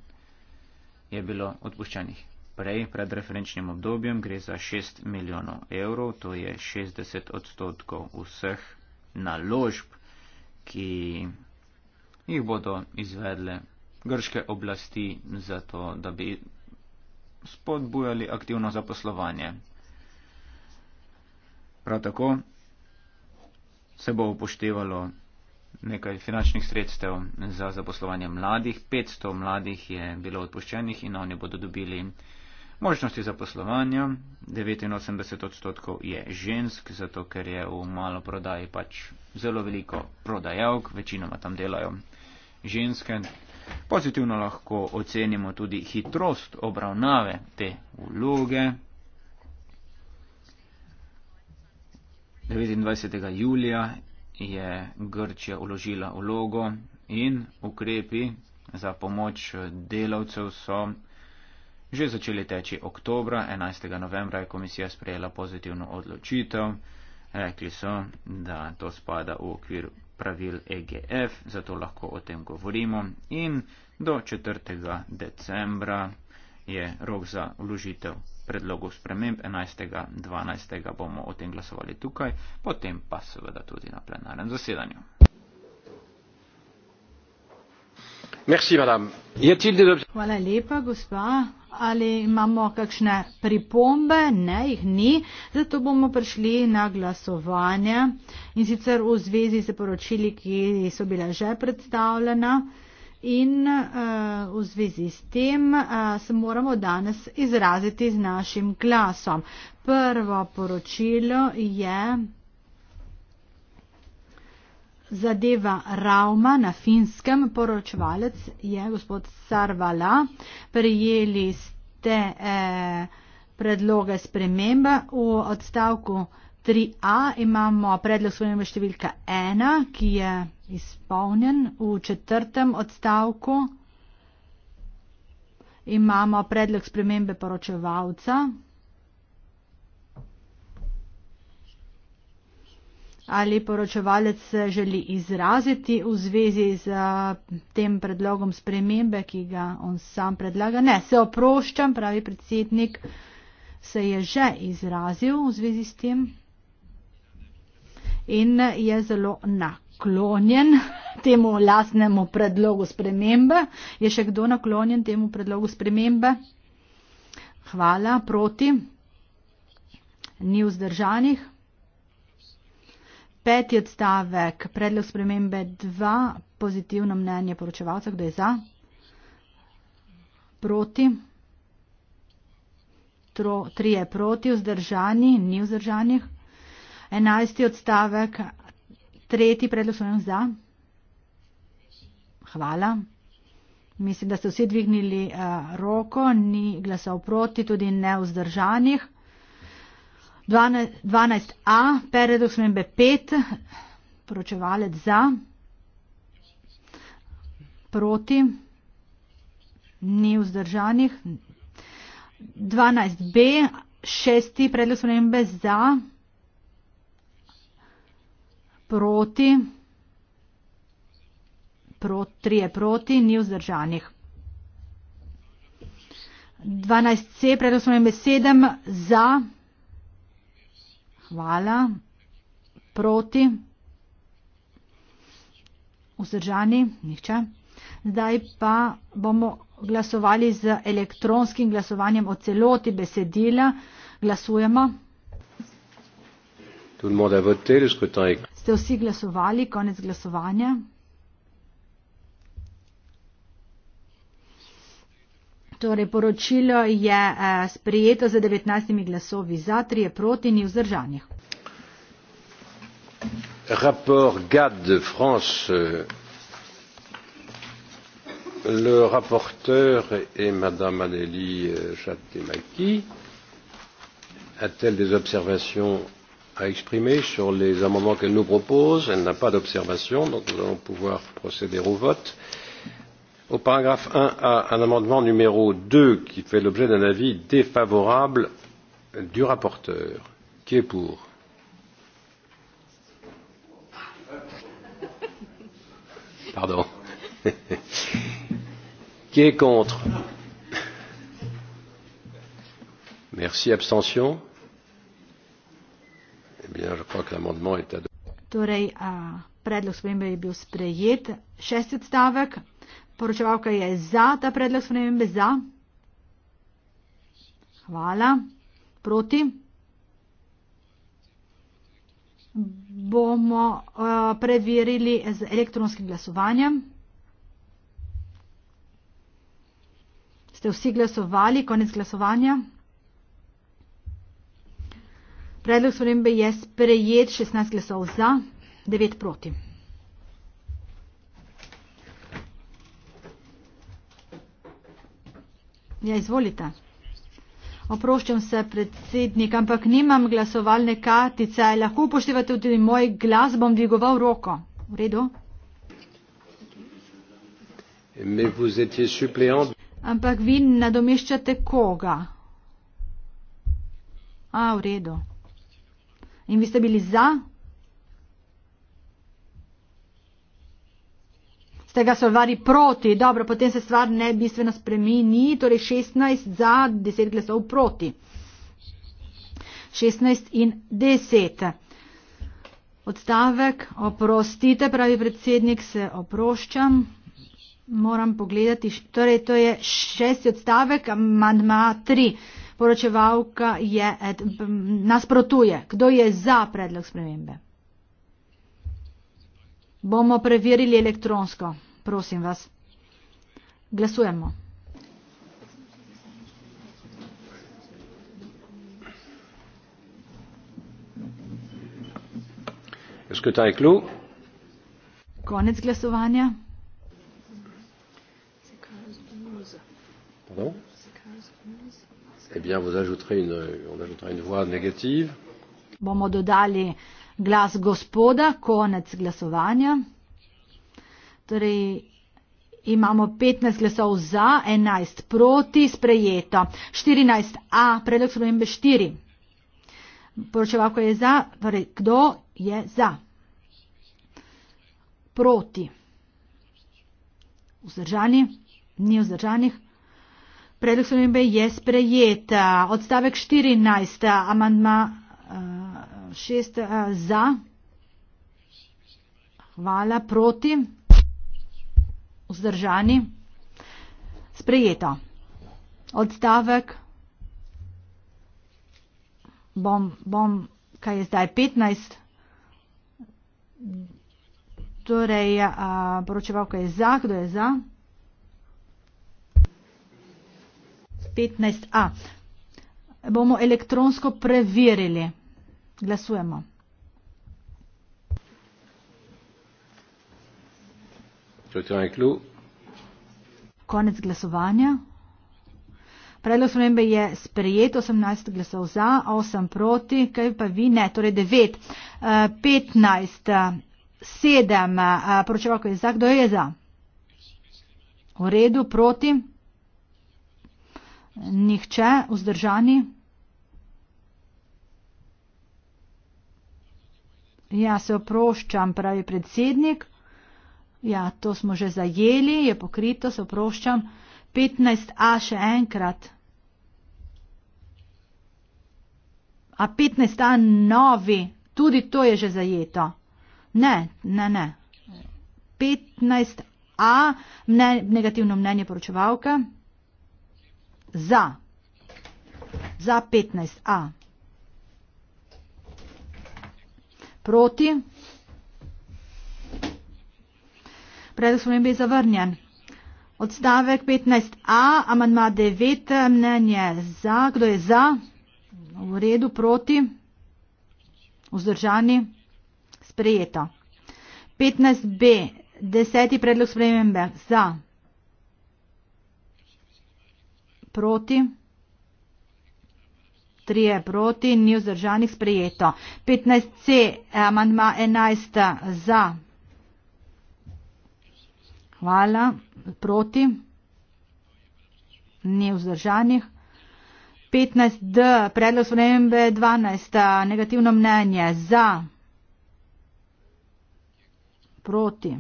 je bilo odpuščanih prej, pred referenčnim obdobjem, gre za 6 milijonov evrov, to je 60 odstotkov vseh naložb, ki jih bodo izvedle grške oblasti za to, da bi spodbujali aktivno zaposlovanje. Prav tako se bo upoštevalo nekaj finančnih sredstev za zaposlovanje mladih. 500 mladih je bilo odpuščenih in oni bodo dobili možnosti zaposlovanja. 89 odstotkov je žensk, zato ker je v malo prodaji pač zelo veliko prodajalk, večinoma tam delajo ženske. Pozitivno lahko ocenimo tudi hitrost obravnave te vloge. 29. julija je Grčija uložila vlogo in ukrepi za pomoč delavcev so že začeli teči oktobra. 11. novembra je komisija sprejela pozitivno odločitev. Rekli so, da to spada v okvir pravil EGF, zato lahko o tem govorimo. In do 4. decembra je rok za vložitev predlogov sprememb 11.12. bomo o tem glasovali tukaj, potem pa seveda tudi na plenarnem zasedanju. Merci, Hvala lepa, gospa. Ali imamo kakšne pripombe? Ne, jih ni. Zato bomo prišli na glasovanje in sicer v zvezi z poročili, ki so bila že predstavljena in uh, v zvezi s tem uh, se moramo danes izraziti z našim glasom. Prvo poročilo je zadeva Rauma na finskem, poročevalec je gospod Sarvala, prijeli ste eh, predloge spremembe v odstavku 3a imamo predlog spremembe številka 1, ki je izpolnjen v četrtem odstavku. Imamo predlog spremembe poročevalca. Ali poročevalec se želi izraziti v zvezi z eh, tem predlogom spremembe, ki ga on sam predlaga? Ne, se oproščam, pravi predsednik, se je že izrazil v zvezi s tem in je zelo naklonjen temu lasnemu predlogu spremembe. Je še kdo naklonjen temu predlogu spremembe? Hvala, proti. Ni vzdržanih. Peti odstavek, predlog spremembe 2, pozitivno mnenje poročevalca, kdo je za? Proti. Tro, tri je proti, vzdržani, ni vzdržanih enajsti odstavek, tretji predlog svojem za. Hvala. Mislim, da ste vsi dvignili uh, roko, ni glasov proti, tudi ne vzdržanih. 12, 12a, predlog svojem B5, poročevalec za. Proti, ni vzdržanih. 12b, šesti predlog spremembe za, proti, prot, trije proti, ni vzdržanih. 12c, predvsem smo imeli 7 za, hvala, proti, vzdržani, nihče. Zdaj pa bomo glasovali z elektronskim glasovanjem o celoti besedila. Glasujemo. Tout le monde a voté, le scrutin est ste vsi glasovali, konec glasovanja. Torej, poročilo je eh, sprejeto za 19 glasovi za, 3 je proti in je vzdržanje. Rapport GAD de France, le rapporteur est madame Anneli Chatemaki. A-t-elle des observations à exprimer sur les amendements qu'elle nous propose. Elle n'a pas d'observation, donc nous allons pouvoir procéder au vote. Au paragraphe 1 A, un amendement numéro 2 qui fait l'objet d'un avis défavorable du rapporteur. Qui est pour Pardon. qui est contre Merci, abstention. Eh bien, je crois que l'amendement est adopté. Torej, uh, predlog spremembe je bil sprejet. Šesti odstavek. Poročevalka je za ta predlog spremembe. Za. Hvala. Proti. Bomo uh, preverili z elektronskim glasovanjem. Ste vsi glasovali? Konec glasovanja. Predlog spremembe je sprejet 16 glasov za, 9 proti. Ja, izvolite. Oproščam se, predsednik, ampak nimam glasovalne kartice. Lahko upoštevate tudi moj glas, bom dvigoval roko. V redu? Ampak vi nadomeščate koga? A, v redu. In vi ste bili za? Ste ga solvari proti? Dobro, potem se stvar ne bistveno spremeni, torej 16 za, 10 glasov proti. 16 in 10. Odstavek, oprostite, pravi predsednik, se oproščam. Moram pogledati, torej to je šesti odstavek, mandma 3 poročevalka je, et, nasprotuje. Kdo je za predlog spremembe? Bomo preverili elektronsko, prosim vas. Glasujemo. Konec glasovanja. eh bien vous ajouterez une, on ajoutera une voix négative. Bomo dodali glas gospoda, konec glasovanja. Torej, imamo 15 glasov za, 11 proti, sprejeto. 14a, predlog spremembe 4. Poročevalko je za, torej kdo je za? Proti. Vzdržani? Ni vzdržanih. Predlog spremembe je sprejet. Odstavek 14. Amandma 6 za. Hvala proti. Vzdržani. Sprejeto. Odstavek. Bom, bom, kaj je zdaj 15. Torej, poročevalka je za, kdo je za? 15a. Bomo elektronsko preverili. Glasujemo. Konec glasovanja. Predlog spremembe je sprejet, 18 glasov za, 8 proti, kaj pa vi ne, torej 9, 15, 7, poročevalko je za, kdo je za? V redu, proti. Nihče vzdržani? Ja, se oproščam, pravi predsednik. Ja, to smo že zajeli, je pokrito, se oproščam. 15a še enkrat. A 15a novi, tudi to je že zajeto. Ne, ne, ne. 15a mne, negativno mnenje poročevalke za, za 15a. Proti. Predlog smo imeli zavrnjen. Odstavek 15a, amandma 9, mnenje za. Kdo je za? V redu, proti. Vzdržani. Sprejeto. 15b, deseti predlog spremembe. Za. proti. Trije proti, ni vzdržanih sprejeto. 15c, amandma 11 za. Hvala, proti. Ni vzdržanih. 15d, predlog spremembe 12, negativno mnenje za. Proti.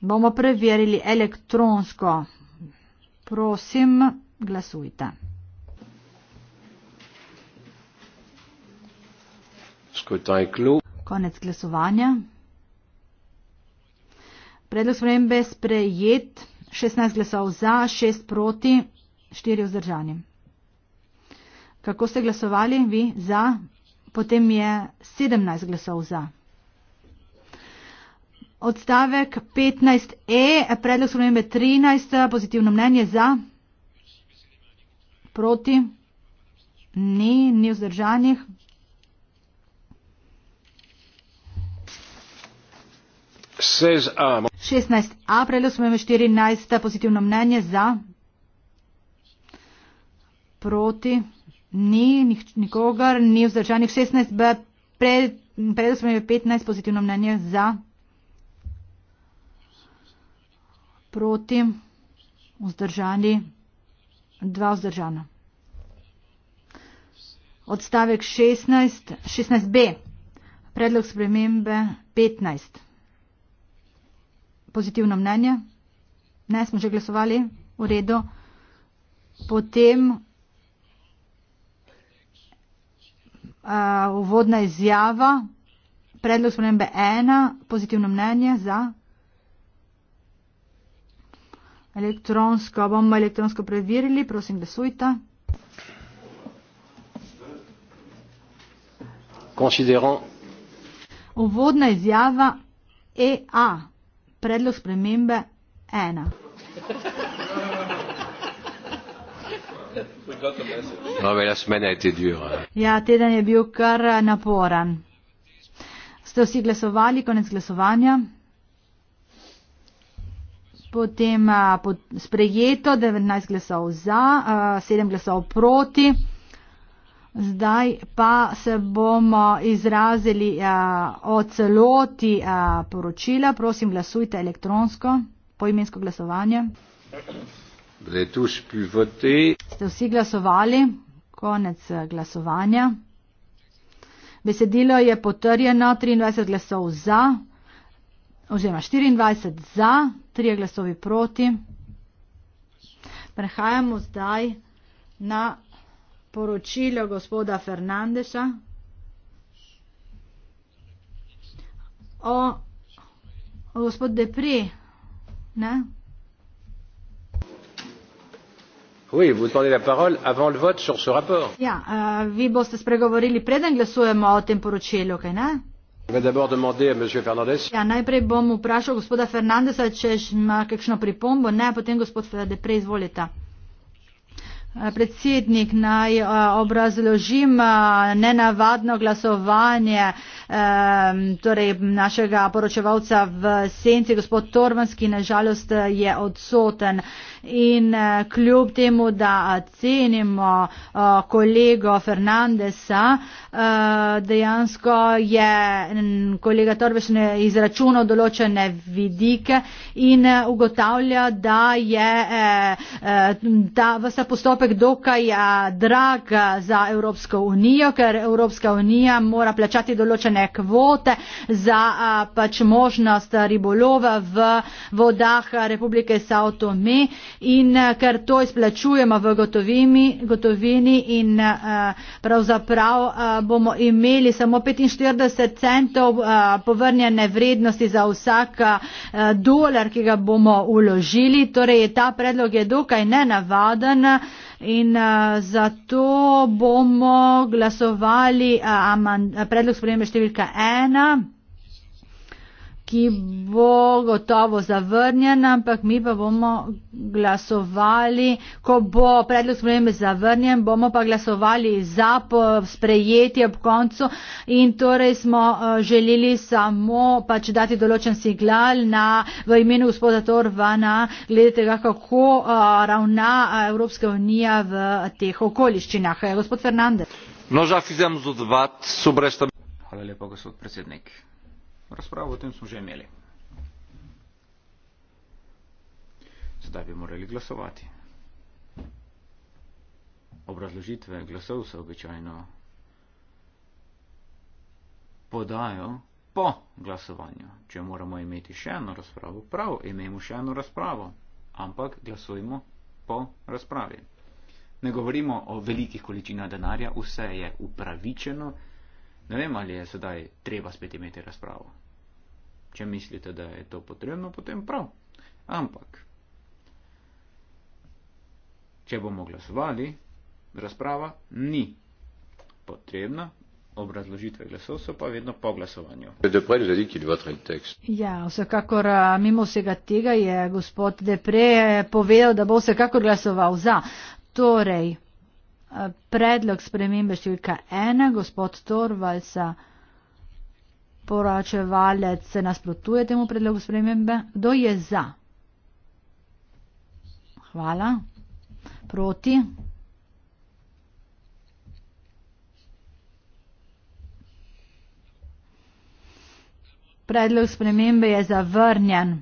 Bomo preverili elektronsko prosim, glasujte. Konec glasovanja. Predlog spremembe sprejet. 16 glasov za, 6 proti, 4 vzdržani. Kako ste glasovali vi za? Potem je 17 glasov za. Odstavek 15e, predlog spremembe 13, pozitivno mnenje za, proti, ni, ni vzdržanih. Ah, Šestnajst A, predlog spremembe 14, pozitivno mnenje za, proti, ni, nik, nikogar, ni vzdržanih. Šestnajst B, predlog spremembe 15, pozitivno mnenje za. proti vzdržani, dva vzdržana. Odstavek 16, 16b, predlog spremembe 15. Pozitivno mnenje? Ne, smo že glasovali, v redu. Potem uh, uvodna izjava, predlog spremembe 1, pozitivno mnenje za elektronsko, bomo elektronsko preverili, prosim, glasujte. Uvodna izjava EA, predlog spremembe 1. No, ja, teden je bil kar naporan. Ste vsi glasovali, konec glasovanja? Potem pod, sprejeto 19 glasov za, 7 glasov proti. Zdaj pa se bomo izrazili o celoti poročila. Prosim, glasujte elektronsko, poimensko glasovanje. Ste vsi glasovali? Konec glasovanja. Besedilo je potrjeno 23 glasov za oziroma 24 za, 3 glasovi proti. Prehajamo zdaj na poročilo gospoda Fernandeša o, o gospod Depri. Ne? Oui, vous demandez la parole avant le vote sur ce rapport. Ja, uh, vi boste spregovorili preden glasujemo o tem poročilu, kaj ne? Ja, najprej bom vprašal gospoda Fernandesa, če ima kakšno pripombo. Ne, potem gospod Fede, prej izvolite. Predsednik, naj eh, obrazložim eh, nenavadno glasovanje torej našega poročevalca v senci, gospod Tormanski, nažalost je odsoten. In eh, kljub temu, da cenimo eh, kolego Fernandesa, eh, dejansko je kolega Torbeš izračunal določene vidike in ugotavlja, da je ta vse postopek dokaj drag za Evropsko unijo, ker Evropska unija mora plačati določene določene kvote za a, pač možnost ribolova v vodah Republike Sautome in a, ker to izplačujemo v gotovini, gotovini in a, pravzaprav a, bomo imeli samo 45 centov a, povrnjene vrednosti za vsak a, dolar, ki ga bomo uložili. Torej, ta predlog je dokaj nenavaden. A, in uh, zato bomo glasovali uh, amand, predlog spremembe številka ena ki bo gotovo zavrnjen, ampak mi pa bomo glasovali, ko bo predlog spremembe zavrnjen, bomo pa glasovali za sprejetje ob koncu in torej smo eh, želeli samo pač dati določen signal na, v imenu gospoda Torvana, glede tega, kako eh, ravna eh, Evropska unija v teh okoliščinah. Gospod Fernandez. No, Hvala lepa, gospod predsednik. Razpravo o tem smo že imeli. Zdaj bi morali glasovati. Obrazložitve glasov se običajno podajo po glasovanju. Če moramo imeti še eno razpravo, prav, imemo še eno razpravo, ampak glasujemo po razpravi. Ne govorimo o velikih količinah denarja, vse je upravičeno. Ne vem, ali je sedaj treba spet imeti razpravo. Če mislite, da je to potrebno, potem prav. Ampak, če bomo glasovali, razprava ni potrebna. Obrazložitve glasov so pa vedno po glasovanju. Ja, vsekakor mimo vsega tega je gospod Depre eh, povedal, da bo vsekakor glasoval za. Torej, predlog spremembe številka ena, gospod Torvalsa, poročevalec se nasprotuje temu predlogu spremembe. Kdo je za? Hvala. Proti? Predlog spremembe je zavrnjen.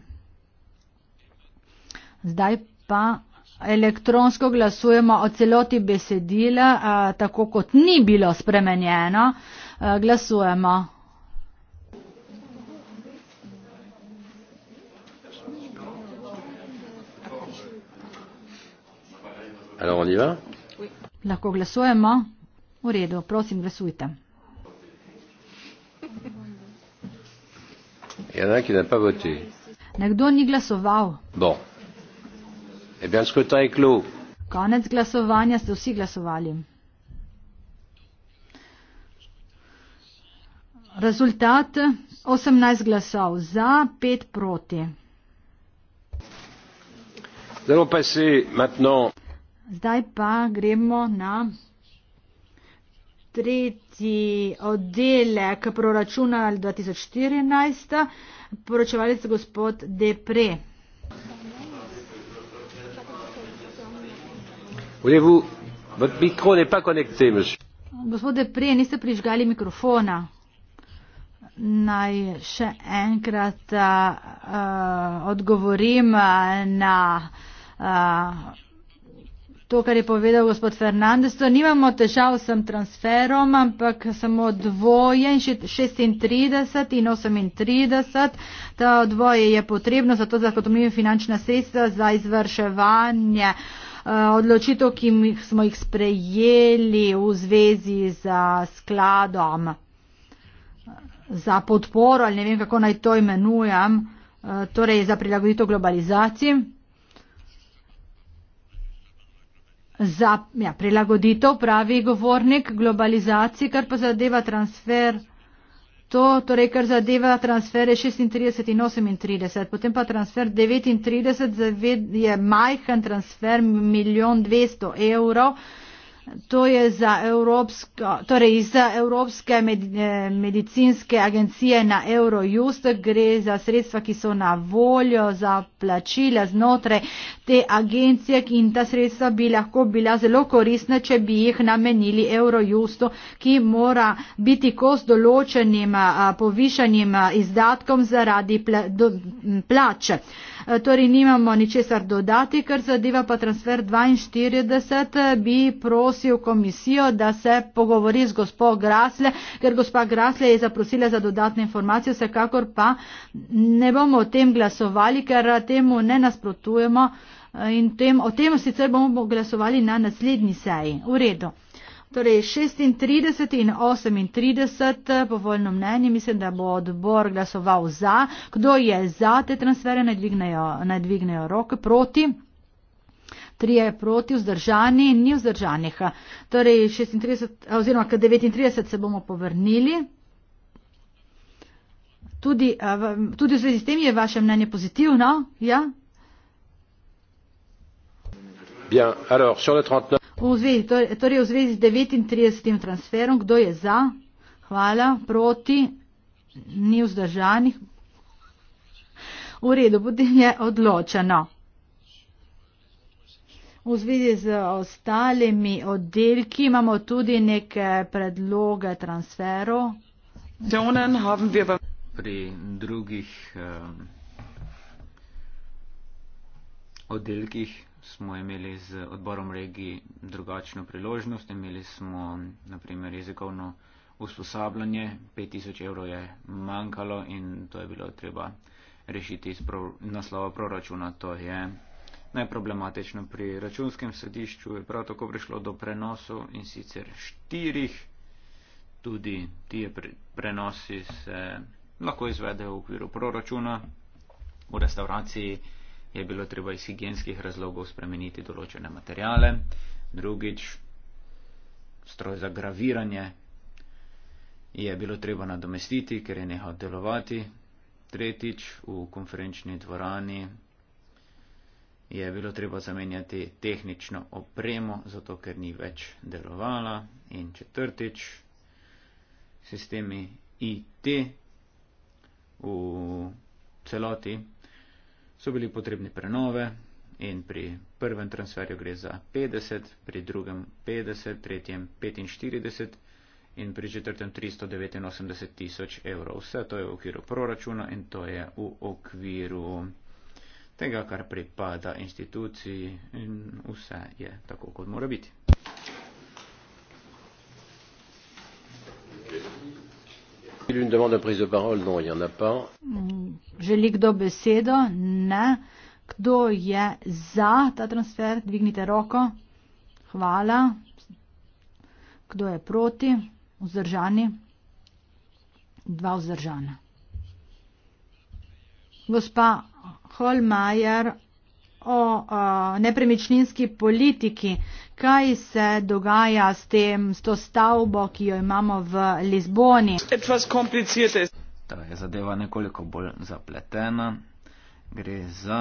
Zdaj pa elektronsko glasujemo o celoti besedila, tako kot ni bilo spremenjeno, glasujemo. Alors, oui. Lahko glasujemo. V redu, prosim, glasujte. Nekdo ni glasoval. Bon. Eh bien, scrutin est clos. Konec glasovanja ste vsi glasovali. Rezultat 18 glasov za, 5 proti. Zdaj pa gremo na tretji oddelek proračuna 2014, poročevalec gospod Depre. Voulez-vous votre micro n'est pas connecté, monsieur. Gospod Depri, niste prižgali mikrofona. Naj še enkrat uh, odgovorim na uh, to, kar je povedal gospod Fernandez. To nimamo težav s transferom, ampak samo dvoje, 36 in 38. Ta dvoje je potrebno, zato zagotovim finančna sredstva za izvrševanje. Uh, Eh, odločitev, ki smo jih sprejeli v zvezi z skladom eh, za podporo, ali ne vem, kako naj to imenujem, eh, torej za prilagoditev globalizaciji. Za ja, prilagoditev, pravi govornik, globalizaciji, kar pa zadeva transfer. To torej, kar zadeva transfere 36 in 38, potem pa transfer 39 je majhen transfer milijon 200 evrov. To je za Evropsko, torej za eh, Evropske med, eh, medicinske agencije na Eurojust, gre za sredstva, ki so na voljo za plačila znotraj te agencije in ta sredstva bi lahko bila zelo korisna, če bi jih namenili Eurojustu, ki mora biti kos določenim eh, povišanjem izdatkom zaradi pla, do, plače. Torej nimamo ničesar dodati, ker zadeva pa transfer 42 bi prosil prosil komisijo, da se pogovori z gospod Grasle, ker gospa Grasle je zaprosila za dodatne informacije, vsekakor pa ne bomo o tem glasovali, ker temu ne nasprotujemo in tem, o tem sicer bomo glasovali na naslednji seji. V redu. Torej 36 in 38 po voljnem mnenju mislim, da bo odbor glasoval za. Kdo je za te transfere, naj dvignejo roke proti tri je proti vzdržani in ni vzdržanih. Torej, 36, oziroma k 39 se bomo povrnili. Tudi, tudi v zvezi s tem je vaše mnenje pozitivno. Ja? Bien, alors, sur le 39... V zvezi, torej, torej v zvezi z 39 transferom, kdo je za, hvala, proti, ni vzdržanih. V redu, potem je odločeno. V zvezi z ostalimi oddelki imamo tudi neke predloge transferov. Pri drugih um, oddelkih smo imeli z odborom regiji drugačno priložnost. Imeli smo naprimer jezikovno usposabljanje, 5000 evrov je manjkalo in to je bilo treba rešiti iz pro, naslova proračuna. To je neproblematično. Pri računskem sodišču je prav tako prišlo do prenosov in sicer štirih, tudi ti prenosi se lahko izvedejo v okviru proračuna. V restauraciji je bilo treba iz higijenskih razlogov spremeniti določene materijale, drugič stroj za graviranje je bilo treba nadomestiti, ker je nehal delovati, tretjič v konferenčni dvorani je bilo treba zamenjati tehnično opremo, zato ker ni več delovala. In četrtič, sistemi IT v celoti so bili potrebni prenove in pri prvem transferju gre za 50, pri drugem 50, tretjem 45 in pri četrtem 389 tisoč evrov. Vse to je v okviru proračuna in to je v okviru tega, kar pripada instituciji in vse je tako, kot mora biti. Želi kdo besedo? Ne. Kdo je za ta transfer? Dvignite roko. Hvala. Kdo je proti? Vzdržani. Dva vzdržana. Gospa Holmajer o uh, nepremičninski politiki, kaj se dogaja s tem, s to stavbo, ki jo imamo v Lizboni. Ta je zadeva nekoliko bolj zapletena. Gre za.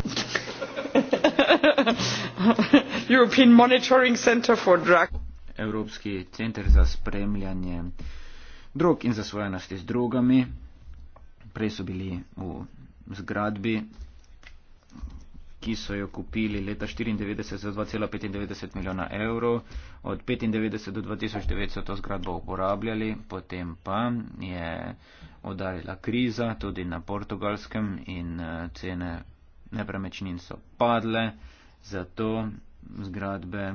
European Monitoring Center for Drugs. Evropski center za spremljanje drog in za svojenosti z drogami prej so bili v zgradbi, ki so jo kupili leta 1994 za 2,95 milijona evrov. Od 1995 do 2009 so to zgradbo uporabljali, potem pa je odarila kriza tudi na portugalskem in eh, cene nepremečnin so padle, zato zgradbe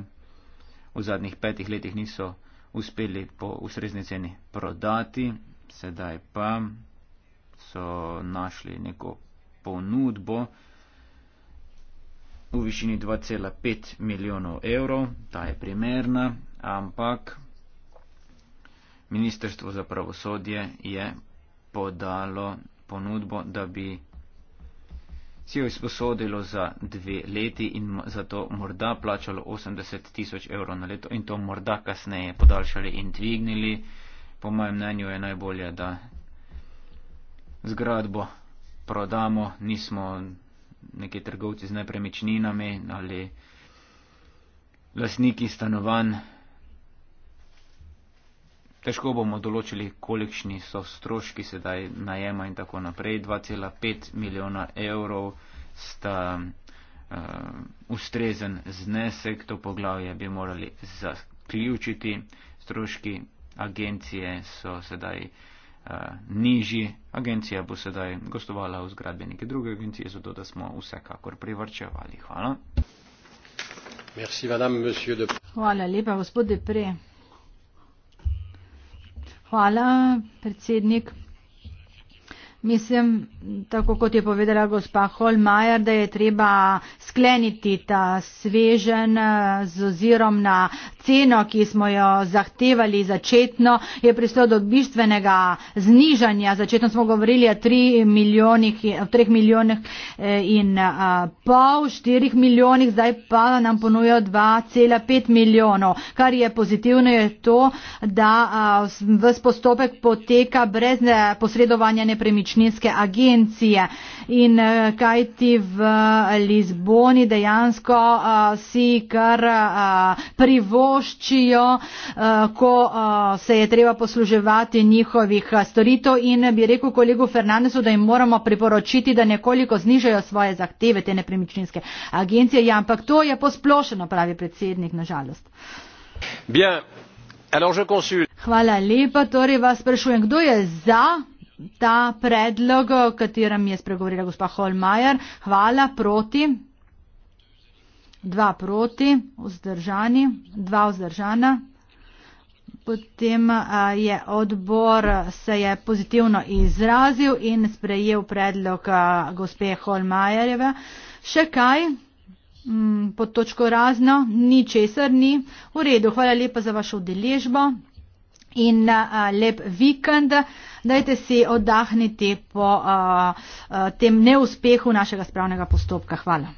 v zadnjih petih letih niso uspeli po usrezni ceni prodati. Sedaj pa so našli neko ponudbo v višini 2,5 milijonov evrov, ta je primerna, ampak Ministrstvo za pravosodje je podalo ponudbo, da bi si jo izposodilo za dve leti in zato morda plačalo 80 tisoč evrov na leto in to morda kasneje podaljšali in dvignili. Po mojem mnenju je najbolje, da zgradbo prodamo, nismo neki trgovci z nepremičninami ali lasniki stanovanj. Težko bomo določili, kolikšni so stroški sedaj najema in tako naprej. 2,5 milijona evrov sta uh, ustrezen znesek, to poglavje bi morali zaključiti. Stroški agencije so sedaj uh, uh, nižji. Agencija bo sedaj gostovala v zgradbi neke druge agencije, zato da smo vsekakor privrčevali. Hvala. Merci, madame, de... Hvala lepa, gospod Depre. Hvala, predsednik. Mislim, tako kot je povedala gospa Holmajer, da je treba skleniti ta svežen eh, z ozirom na ceno, ki smo jo zahtevali začetno, je prišlo do bistvenega znižanja. Začetno smo govorili o 3 milijonih, o 3 milijonih eh, in eh, pol, 4 milijonih, zdaj pa nam ponujo 2,5 milijonov. Kar je pozitivno je to, da ves postopek poteka brez posredovanja nepremičnosti bančninske agencije. In eh, kaj ti v Lizboni dejansko uh, si kar uh, privoščijo, uh, ko uh, se je treba posluževati njihovih storitev in bi rekel kolegu Fernandesu, da jim moramo priporočiti, da nekoliko znižajo svoje zahteve te nepremičninske agencije. Ja, ampak to je posplošeno, pravi predsednik, nažalost. Hvala lepa, torej vas sprašujem, kdo je za ta predlog, o katerem je spregovorila gospa Holmajer. Hvala proti. Dva proti, vzdržani, dva vzdržana. Potem je odbor se je pozitivno izrazil in sprejel predlog gospe Holmajerjeve. Še kaj? Mm, pod točko razno, ni česar ni. V redu, hvala lepa za vašo udeležbo in a, lep vikend. Dajte si oddahniti po a, a, tem neuspehu našega spravnega postopka. Hvala.